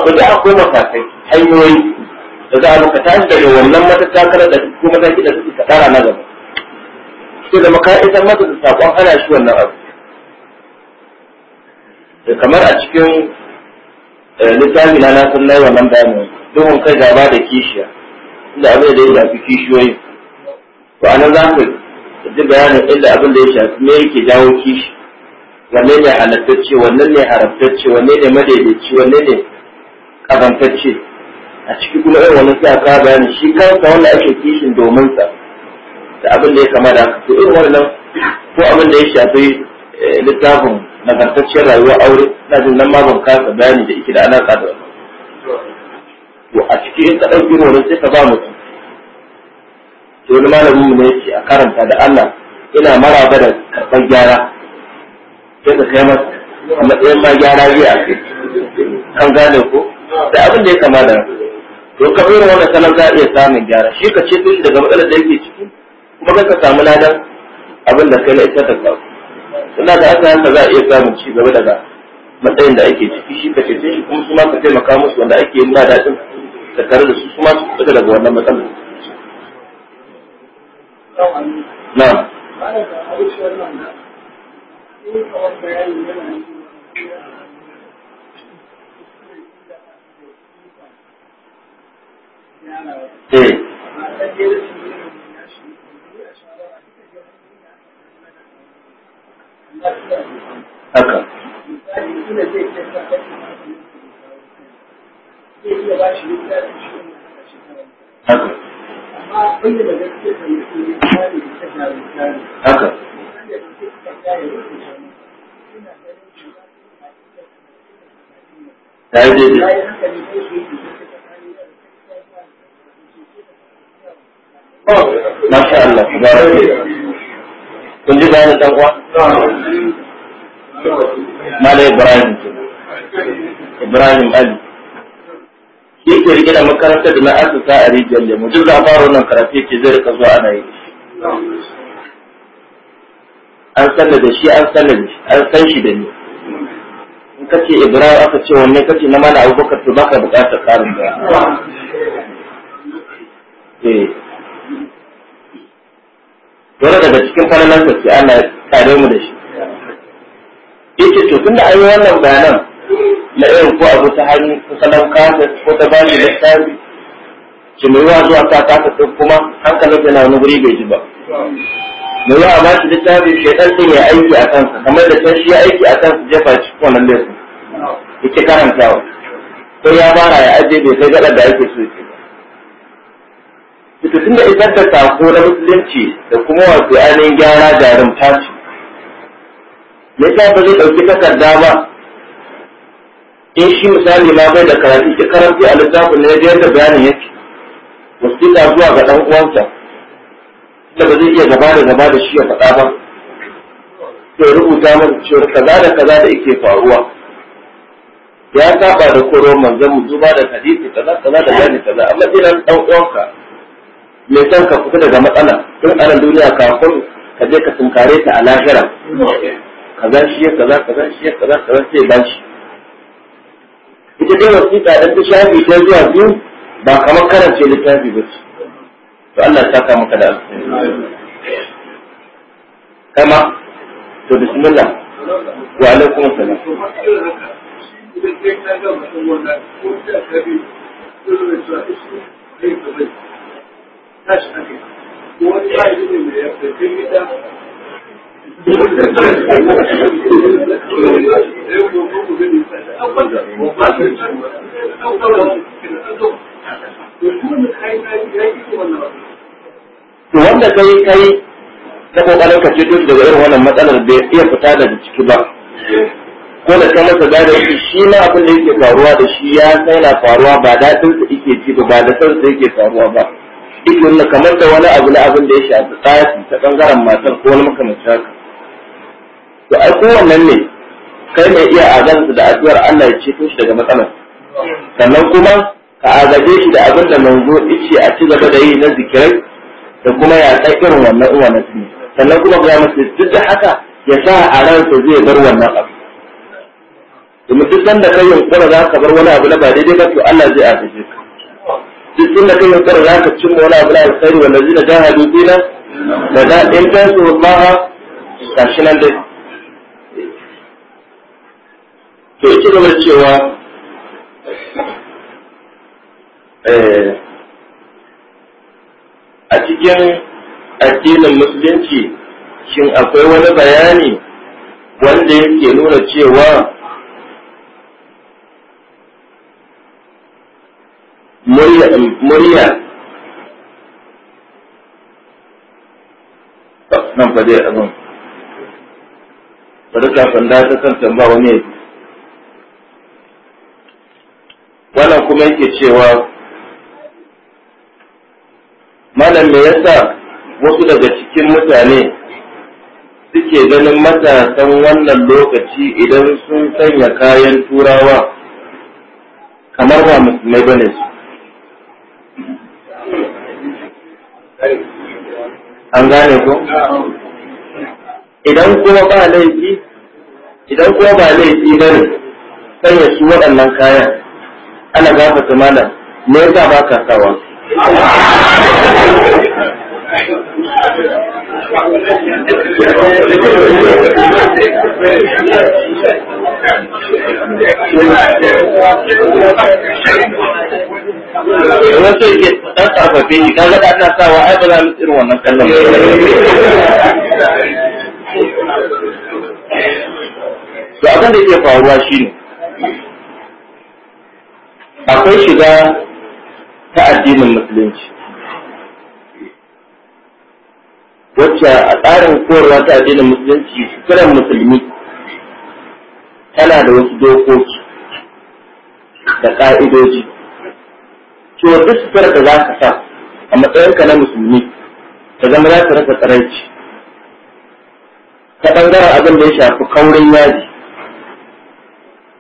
ba za a koma matakai hanyoyi da za a maka tashi daga wannan matakakar da ko mataki da suke ka na gaba sai da maka idan masa da sakon ana shi wannan abu da kamar a cikin eh, littafi na nasan nai wannan bayanin duhun kai gaba da kishiya inda abin da ya shafi kishiyoyi to nan za ku ji bayanin inda abin da ya shafi me yake jawo kishi wanne ne halattacce wanne ne haramtacce wanne ne madaidaici wanne ne kazantacce a ciki kuma irin wani sai aka bayanin shi kansa wanda ake kishin domin sa da abin da ya kama da to irin wannan ko abin da ya shafi eh, littafin nagartacciyar rayuwar aure na jin nan ma ban kasa bayani da yake da alaƙa da wannan to a cikin ka ɗauki wani sai ka ba mutum to wani malamin mu ne yake a karanta da Allah ina maraba da karɓar gyara sai ka kai masa a matsayin ma gyara zai a kai kan gane ko da abin da ya kama da to ka irin wannan sanar za a iya samun gyara shi ka ce daga matsalar da yake ciki kuma ka samu ladan abin da kai na isar da kawo suna da aka yanka za a iya samun ci gaba daga matsayin da ake ciki shi ka cece shi kuma su ma ka taimaka musu wanda ake yin ba daɗin da tare da su su su fita daga wannan matsalar. Na'am. Eh. haka haka haka ta yi daidai Masha Allah, ba kun ji bayanin dan uwa malai ibrahim ibrahim ali shi ke rike da makarantar da na asusa a rijiyar lemu duk da fara wannan karafi yake zai rika zuwa ana yi an sanar da shi an sanar da shi an san shi da ni in ka ce ibrahim aka ce wanne ka ce na mana abubakar to baka bukatar karin da wani daga cikin falalan sai ana kare mu da shi yake to tun an yi wannan bayanan na irin ko abu ta hannu ko salon kasa ko ta bani tsari ki mai wa zuwa ta ta din kuma hankalin yana wani guri bai ji ba mai wa ba shi littafi dan din ya aiki a kansa kamar da can shi ya aiki a kansa jefa shi wannan laifin yake karantawa ko ya fara ya aje bai kai gada da yake so ita tun da isar da sako na musulunci da kuma wasu ainihin gyara garin tashi ya sa ba zai ɗauki takarda ba in shi misali ma bai da karatu ki karanci a littafin ne da yadda bayanin yake wasiƙa zuwa ga ɗan uwansa da ba zai iya gaba da gaba da shi ya faɗa ba to rubuta masa cewa kaza da kaza da yake faruwa ya saba da koro manzon mu zuba da hadisi kaza kaza da gani kaza amma idan ɗan uwanka mai san ka fita daga matsala tun anan duniya kafin ka je ka tunkare ta a lahira kaza shi kaza kaza shi kaza kaza sai ba shi ita dai wasiƙa dan shafi ta zuwa biyu ba kamar karance littafi ba ce to Allah ta saka maka da alheri kama to bismillah wa alaikum assalam Thank wanda kai kai ta kokarin ka ce duk daga irin wannan matsalar bai iya fita daga ciki ba ko da kai masa gada yake shi ma abin da yake faruwa da shi ya sai na faruwa ba daɗin sa yake ji ba da san yake faruwa ba duk na kamar da wani abu na abin da ya shafi tsafi ta bangaren matar ko wani makamancin haka to ai wannan ne kai mai iya azansa da addu'ar Allah ya ceto shi daga matsalar sannan kuma ka azabe shi da abin da manzo ice a ci gaba da yi na zikirai da kuma ya kai irin wannan uwanan sannan kuma ga masa duk da haka ya sa a ransa zai bar wannan abu domin duk sanda kai yunkura za ka bar wani abu na ba daidai ba to Allah zai azabe ka duk inda kai yankar za ka cimma wani abu na alkhairi wanda zina jahadu dina da na in ta su maha gashi nan dai to ci gaba cewa eh, a cikin addinin musulunci shin akwai wani bayani wanda yake nuna cewa murya nan fa abin bari kafin da ta kan tamba wani wannan kuma yake cewa malam me yasa wasu daga cikin mutane suke ganin matasan wannan lokaci idan sun sanya kayan turawa kamar ba musulmai bane su an gane ko idan kuma ba laifi idan kuma ba laifi ba ne sanya shi waɗannan kayan ana gafata malam me yasa ba ka sawa wasu ke dan sarfafe ni kaga da ana sawa ai ba za mu irin wannan kallon to abin da ke faruwa shine akwai shiga ta addinin musulunci wacce a tsarin koyarwa ta addinin musulunci kiran musulmi tana da wasu dokoki da ƙa'idoji to duk sutura da za ka sa a matsayinka na musulmi ta zama za ta rasa tsaraici ta ɓangaren abin da ya shafi kaurin yaji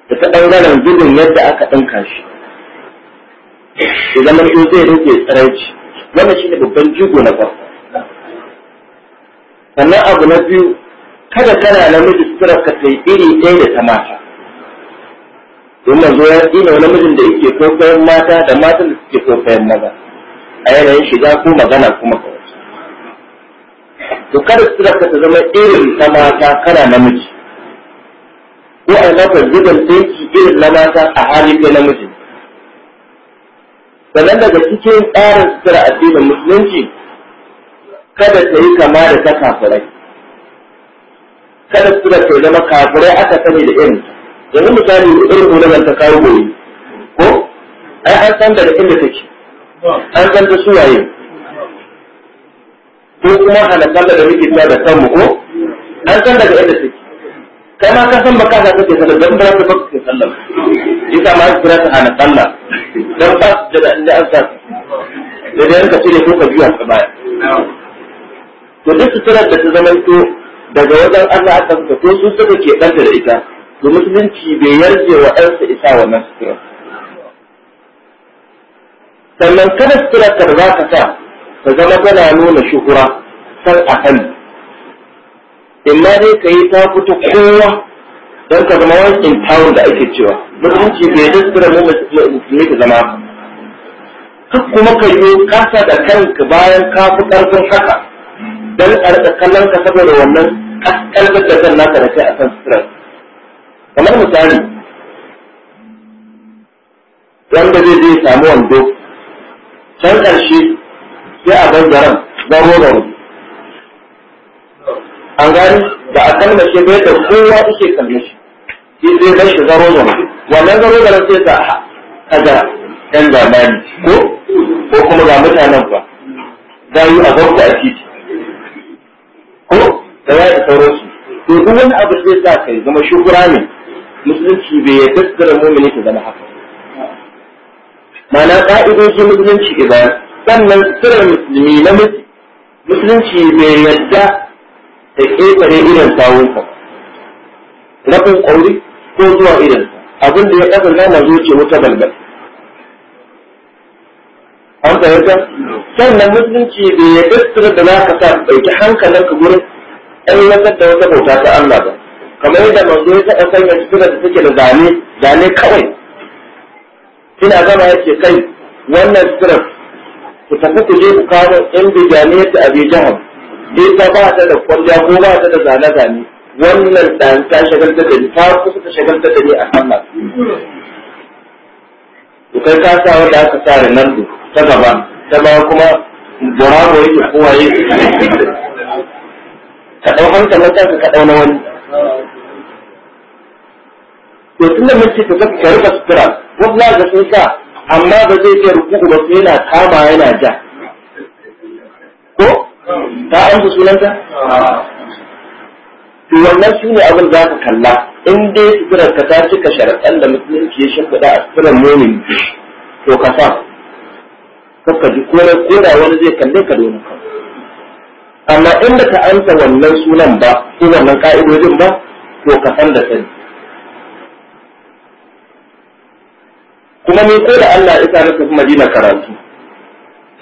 da ta ɓangaren gudun yadda aka ɗinka shi ya zama in zai rage tsaraici wannan shi ne babban jigo na farko sannan abu na biyu kada na namiji sutura ka ta yi iri ɗaya da ta mata in zo ya tsina wani mijin da yake kokayen mata da matan da suke kokayen maza a yanayin shiga ko magana kuma kawai to kada sirarka ta zama irin ta mata kana namiji ko a maka zuban teki irin na mata a hali kai namiji sannan daga cikin tsarin sutura addinin musulunci kada ta yi kama da ta kafirai kada sutura ta zama kafirai aka sani da irin yanzu misali irin ulaman ta kawo goyi ko ai an san daga inda take an san ta suwaye ko kuma halakar da muke ta da kanmu ko an san daga inda take kai ma ka san baka ta take sallah dan ba ta baka ke sallah yasa ma ka kira ta ana sallah dan ba da inda an san da da ka cire ko ka biya ka baya to duk suturar da ta zama daga wajen Allah aka fito su suka ke ɗanta da ita Da musulunci bai yarje wa ɗansa isa wa wannan sutura sannan kada sutura za ka sa ka zama tana nuna shuhura san a kan imma dai ka yi ta fito kowa don ka zama wani in da ake cewa musulunci bai yarje sutura musulmi ka zama duk kuma ka yi kasa da kanka bayan ka fi ƙarfin haka don a kallon ka saboda wannan ƙasƙar da zan naka da kai a kan sutura kamar misali wanda zai zai samu wando can ƙarshe sai a bangaren zaro da an gani da a mace bai da kowa suke kalle shi shi zai bar shi zaro da wannan zaro da sai ta kaga ɗan zamani ko ko kuma ga mutanen ba za yi a barku a titi ko da ya da sauransu to duk wani abu zai sa kai zama shukura ne musulunci bai yarda sirrin mumini ta zama haka Mana ƙa'idojin musulunci idan sannan sirrin musulmi na musulunci bai yarda da ƙetare irin sawunsa rafin ƙauri ko zuwa irin abin da ya kasanta na zuce wuta balbal an fahimta sannan musulunci bai yarda sirrin da za ka sa ɗauki hankalinka gurin aiwatar da wata bauta ta Allah ba kamar yadda manzo ya taɓa sanya sutura da suke da zane zane kawai ina gama yake kai wannan sutura ku tafi ku je ku kawo in bijani yadda a jaham dai ta ba ta da kwanja ko ba ta da zane zane wannan dan ta shagalta da ni ta kusa ta shagalta da ni a hannu ku kai ka sa wanda aka sa Ronaldo ta gaba ta ba kuma Borabo yake kowaye ka ɗau hankalin kanka ka ɗau na wani to tun da mace ta ka rufe sutura gwamna da sun sa amma ba zai iya rukuku ba sai yana kama yana ja ko ta amsa sunanta to wannan shine ne abin za ka kalla in dai suturar ka ta cika sharadan da musulunci ya shimfiɗa a suturar nonin to ka sa ka ji ko da wani zai kalle ka domin ka amma in ka amsa wannan sunan ba ko wannan ka'idojin ba to ka san da sani kuma ni ko da Allah isa sa na tafi Madina karatu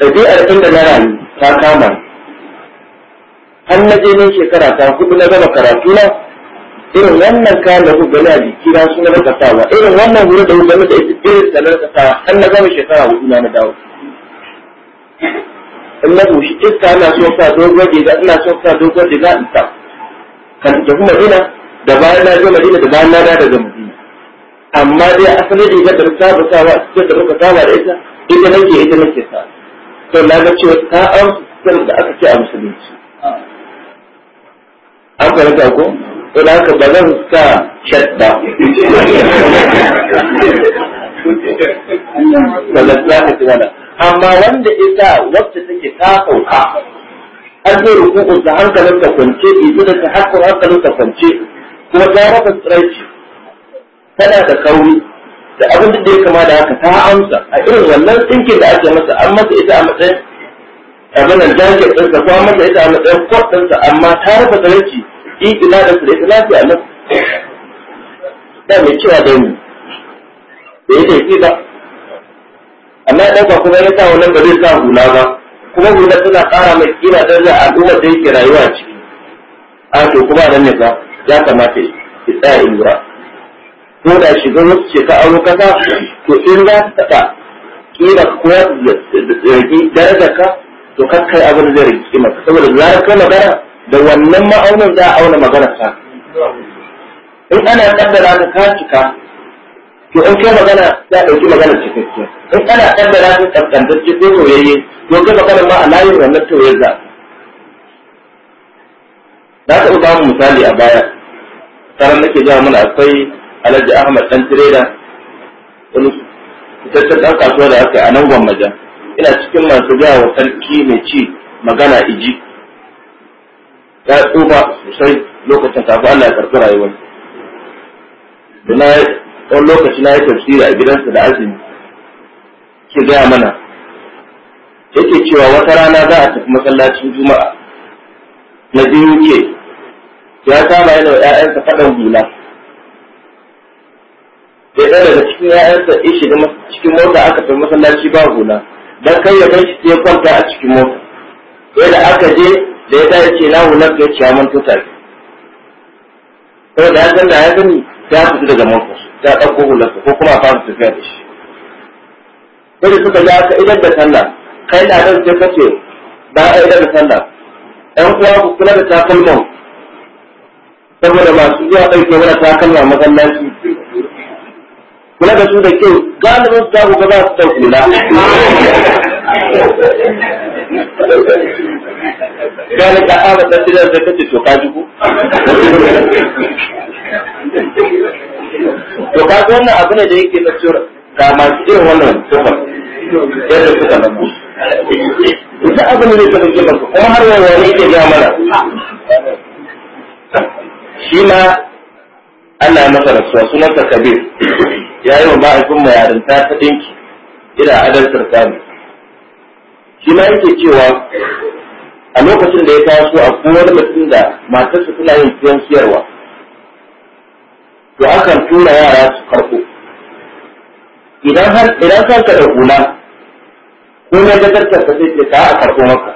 ɗabi'ar inda na rani ta kama An na ne shekara ta hudu na gama karatu na irin wannan kayan da kuka gani a suna na kasawa irin wannan wurin da kuka gani da ita irin da na kasawa an na gama shekara hudu na na dawo in na bushi iska ina so sa dogon riga ina so sa dogon riga in sa kan tafi madina da bayan na je madina da bayan na da daga madina amma dai asalin rigar da ta saba sawa sai da muka saba da ita ita nake ita nake sa to na ga cewa ta an san da aka ce a musulunci an fahimta ko to da haka ba zan sa shat ba [laughs] ba zan ta ka amma wanda ita wacce take ta sauka an zai ruku'u da hankalin ta kwance izu da ta hakkar hankalin ta kwance kuma ta rasa tsiraici tana da kauri da abin da ya kama da haka ta amsa a irin wannan tsinkin da ake masa an masa ita a matsayin abin da jaje ɗinsa ko an masa ita a matsayin kwat ɗinsa amma ta rasa tsiraici ila da su da ita lafiya nan da mai cewa da ni da ya tafi ba amma ya ba kuma ya sa wannan ba zai sa hula ba kuma hula tana ƙara mai kila daraja a al'ummar da yake rayuwa ciki a to kuma nan ne ba ya kamata ki tsaya in lura ko da shiga wasu ce ka aro kasa to in za ka taɓa kila ko rage daraja ka to kai abin da zai rage kima saboda zarar ka magana da wannan ma'aunin za a auna magana ta in ana kaddara ka ka cika to in kai magana za ɗauki magana cikakke in kana kaddara ta kaskantacce ko soyayye to kai magana ma a layin wannan toyar za na taɓa ba mu misali a baya tsaron nake jawa mana akwai alhaji ahmad dan tireda wani fitaccen ɗan kasuwa da aka yi a nan gwammaja ina cikin masu jawa wa sarki mai ci magana iji ya tsufa sosai lokacin kafin allah ya karɓi rayuwar wani lokaci na yi tafsiri a gidansa da azumi ke gaya mana yake cewa wata rana za a tafi masallacin juma'a na biyu ke ya saba yana wa 'ya'yansa faɗan hula sai ɗaya daga cikin ya'yansa ya shiga cikin mota aka tafi masallaci ba hula dan kai ya kai shi sai kwanta a cikin mota sai da aka je da ya dace na hular ka ya ciya mun tuta da ya san da ya sani ya fita daga motar ya ɗauko hularsa ko kuma a fara tafiya da shi sai suka ga aka idan da sallah kai na dan sai kace ba a idan da sallah ɗan uwa ku kula da takalman saboda masu zuwa ɗauke mana takalma masallaci kula da su da kyau galibin su ku ga za su ɗauki na galibin da aka tattalin da kace to ka ji ku to ka ga wannan abu ne da yake na cewa ga masu irin wannan sufan yadda suka lamu ita abu ne da yake na kuma har yau wani yake ga mana shi ma Allah ya masa rasuwa sunansa Kabir ya yi wa ma'aikun mu yarinta ta ɗinki ina adal sarkani shi ma yake cewa a lokacin da ya taso a wani mutum da matarsa suna yin siyan siyarwa to akan tura yara su karɓo idan har idan ka ka da hula ko na ga tattarka sai ce ka a farko maka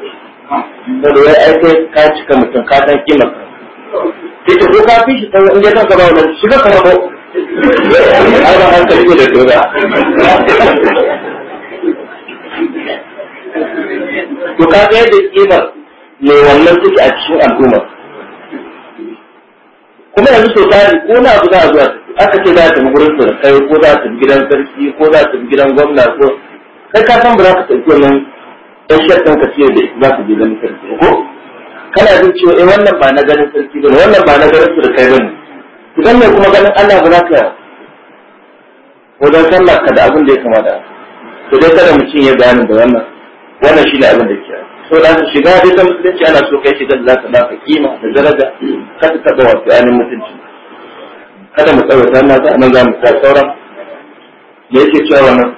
da da ai aike ka cika mutum ka san kimar sai ce ko ka fi shi inda dai kanka ba wannan shiga karɓo ai ba hankali da tura to ka ga yadda kimar ne wannan take a cikin al'ummar kuma yanzu to tari ko na abu za a zuwa aka ce za a tafi gurin kai ko za a tafi gidan sarki ko za a tafi gidan gwamna ko kai ka san ba za ka tafi wannan ɗan shakkan ka ce da za ka je gidan sarki ko kana jin cewa eh wannan ba na ganin sarki ba wannan ba na ganin kai ba ne idan ne kuma ganin Allah ba za ka wajen sallah ka da abin da ya kamata to dai kada mutum ya bayani da wannan wannan shi ne abin da ke so da shiga dai ta musulunci ana so kai shigar da za ka baka kima da daraja ka ta taba wato ainihin mutunci kada mu tsawaita na ta nan za mu ta sauran me yake cewa wannan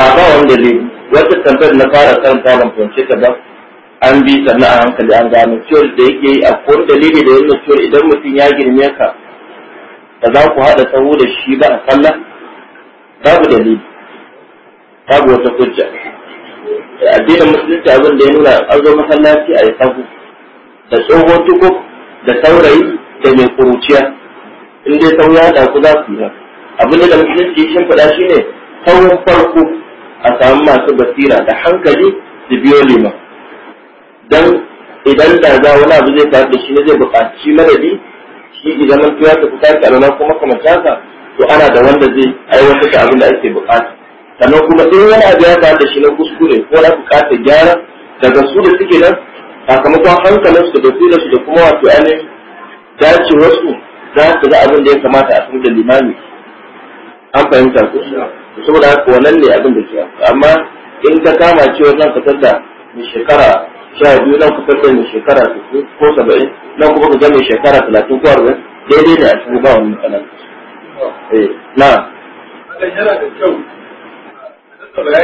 a ba wanda ne wata tambayar na fara karanta ban fahimce ta ba an bi sannan a hankali an gano ciwon da yake yi a kowane dalili da yanzu ciwon idan mutum ya girme ka ba za ku haɗa tsawo da shi ba a sallah babu dalili babu wata hujja addinin musulunci abin da ya nuna an zo masallaci a yi sahu da tsohon tuko da saurayi da mai kuruciya in dai tsawo ya haɗa ku za ku yi abin da musulunci shi faɗa shi ne tsawon farko a samu masu basira da hankali da biyo liman dan idan da za wani abu zai faru da shi ne zai buƙaci madadi shi idan mun tura ta kusa ta nan kuma kamar tsaka to ana da wanda zai aiwatar da abin da ake buƙata sannan kuma in wani abu ya faru da shi na kuskure ko na buƙatar gyara daga su da suke nan sakamakon su da basirar su da kuma wato ainihin wasu, za su ga abin da ya kamata a da limami an fahimta ko saboda haka wannan ne abin da ke amma in ka kama cewa zan fitar da shekara sha biyu nan ku fitar da shekara ko saba'in nan kuma ku zama shekara talatin ko arba'in daidai ne a cikin ba wani matsala. Eh, na. yana da kyau da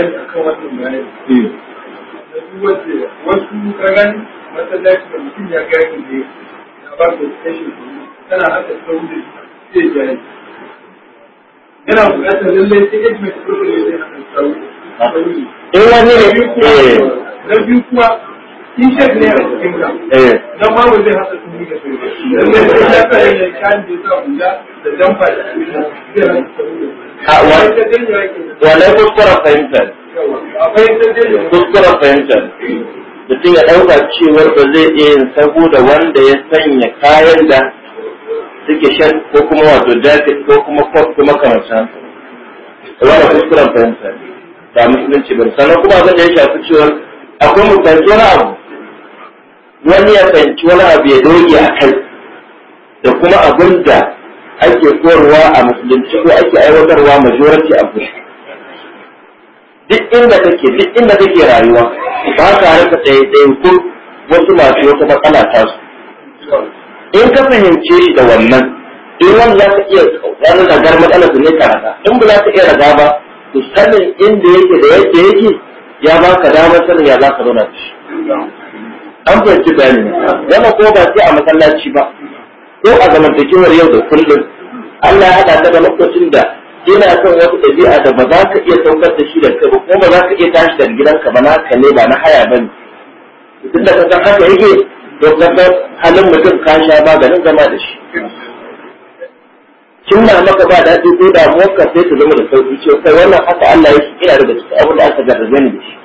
eh. wasu masallaci da mutum ya ba da tana Yana da shi shek ne a cikin ka eh. Don ma zai hasa su ne da su ya ta yi kan da ta guda da dan fa da su ne ah, kuskura fahimtar kuskura fahimtar mutum ya ɗauka cewar ba zai iya yin saboda wanda ya sanya kayan da suke shan ko kuma wato jacket ko kuma kwaf kuma kamar wannan kuskuren fahimta da musulunci ba sannan kuma abin da ya shafi cewar akwai mutane wani abu wani ya fahimci wani abu ya doge a kai da kuma abin da ake korowa a musulunci ko ake aiwatarwa majority a kusa duk inda kake duk inda kake rayuwa ba ka rasa ko wasu masu wata matsala ta su in ka fahimce shi da wannan in wanda za ka iya wani ragar matsalar su ne ka raga in ba za ka iya raga ba to sanin inda yake da yake ya ba ka damar sanin ya za ka zauna da shi an fahimci bayani gama ko ba sai a masallaci ba ko a zamantakewar yau da kullum Allah ya haɗa ta da lokacin da ina son wata ɗabi'a da ba za ka iya saukar da shi da kai ba ko ba za ka iya tashi daga gidanka ba naka ne ba na haya ba ne tun da kasan haka yake to kasa halin mutum ka sha maganin zama da shi kin na maka ba daɗi ko da ka sai ta zama da sauki ce kai wannan haka Allah ya ina daga cikin abin da aka gargaje ni da shi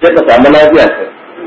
sai ka samu lafiya kai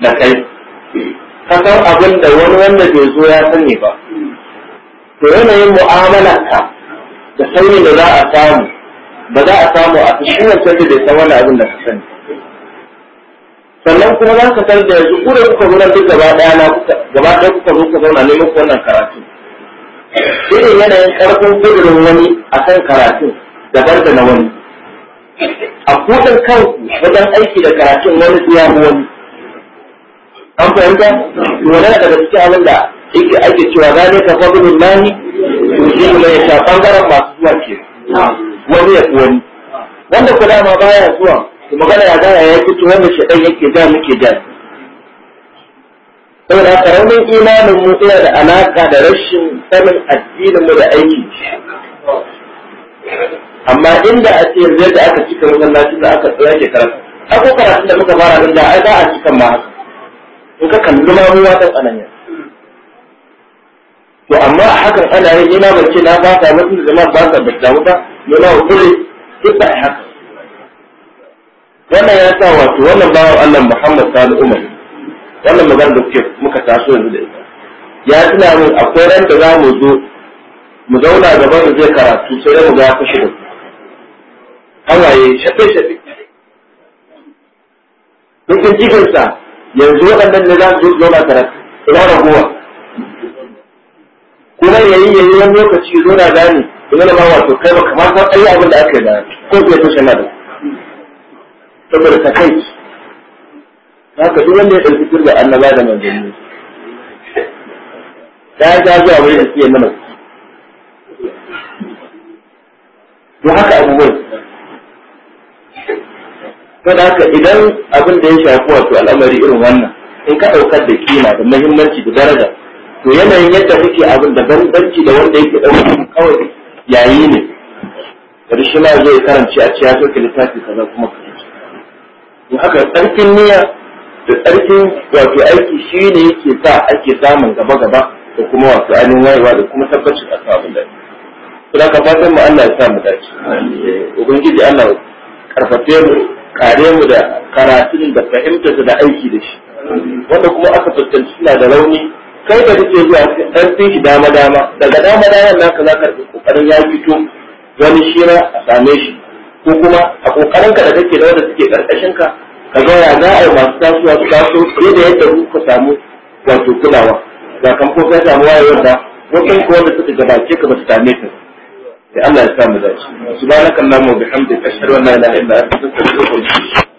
da kai ka san abin da wani wanda bai zo ya sani ba to yanayin ka da sauri da za a samu ba za a samu a cikin wancan da bai san wani abin da ka sani sannan kuma za ka san da yanzu ku kuka zo duk gaba ɗaya na gaba daya kuka zo ka zauna neman ku wannan karatu irin yanayin karfin kudurin wani a kan karatu daban da na wani a kudin kanku wajen aiki da karatun wani ya wani an fahimta wani na daga cikin abin da yake ake cewa gane ka fadlun lahi yusibu mai shafan bangaren masu zuwa ke wani ya wani wanda ku dama baya zuwa ku magana ya gaya ya fito wanda shaɗan yake ja muke ja saboda karamin imanin mu yana da alaƙa da rashin sanin addinin mu da aiki amma inda a ce yanzu yadda aka cika masallacin da aka tsaya ke karatu ako karatun da muka fara nan da ai a cikin ma haka in ka kalli ma ruwa ɗan anan to amma a hakan ana yin ina ba ce na ba ta mutum da zaman ba ta da damu ne na hukuri duk da haka wannan ya sa wato wannan bawan Allah Muhammad Sani Umar wannan magana da kuke muka taso yanzu da ita ya tuna min akwai ran da za mu zo mu zauna gaba da zai karatu sai mu ga kashi da hawaye shafe shafe dukkan jikinsa yanzu waɗannan ne za su zauna karatu ina raguwa kuma yayi yayi wani lokaci zo na gane ina da ma wato kai baka ma san ayi abin da aka yi da ko ke so shana da saboda ta kai haka duk wanda ya ɗauki turba annaba da manzanni ta ya ta zuwa wani da suke mana to haka abubuwan Kada ka haka idan abin da ya shafi wato al'amari irin wannan in ka daukar da kima da muhimmanci da daraja to yanayin yadda kake abin da bambanci da wanda yake ɗauka kawai yayi ne karshe ma zai karanci a ciya soke littafi kaza kuma ka to haka tsarkin niyya da tsarkin wato aiki shi ne yake sa ake samun gaba gaba da kuma wato ainihin wayewa da kuma tabbacin a samun dace. Kuma ka fatan mu Allah ya sa mu dace. Ubangiji Allah karfafe mu kare mu da karatun da fahimtar da aiki da shi wanda kuma aka fuskanci suna da rauni kai da kake zuwa dan fi shi dama dama daga dama dama naka za ka kokarin ya fito wani shira a same shi ko kuma a kokarin ka da kake da wanda suke karkashin ka ka ga ya za a yi masu tasowa su taso fiye da yadda ku samu wato kulawa sakamakon ka samu wayewar da wasu kuma wanda suka gabace ka ba su same ka لأن الإسلام ذلك سبحانك اللهم وبحمدك أشهد أن لا إله إلا أنت أستغفرك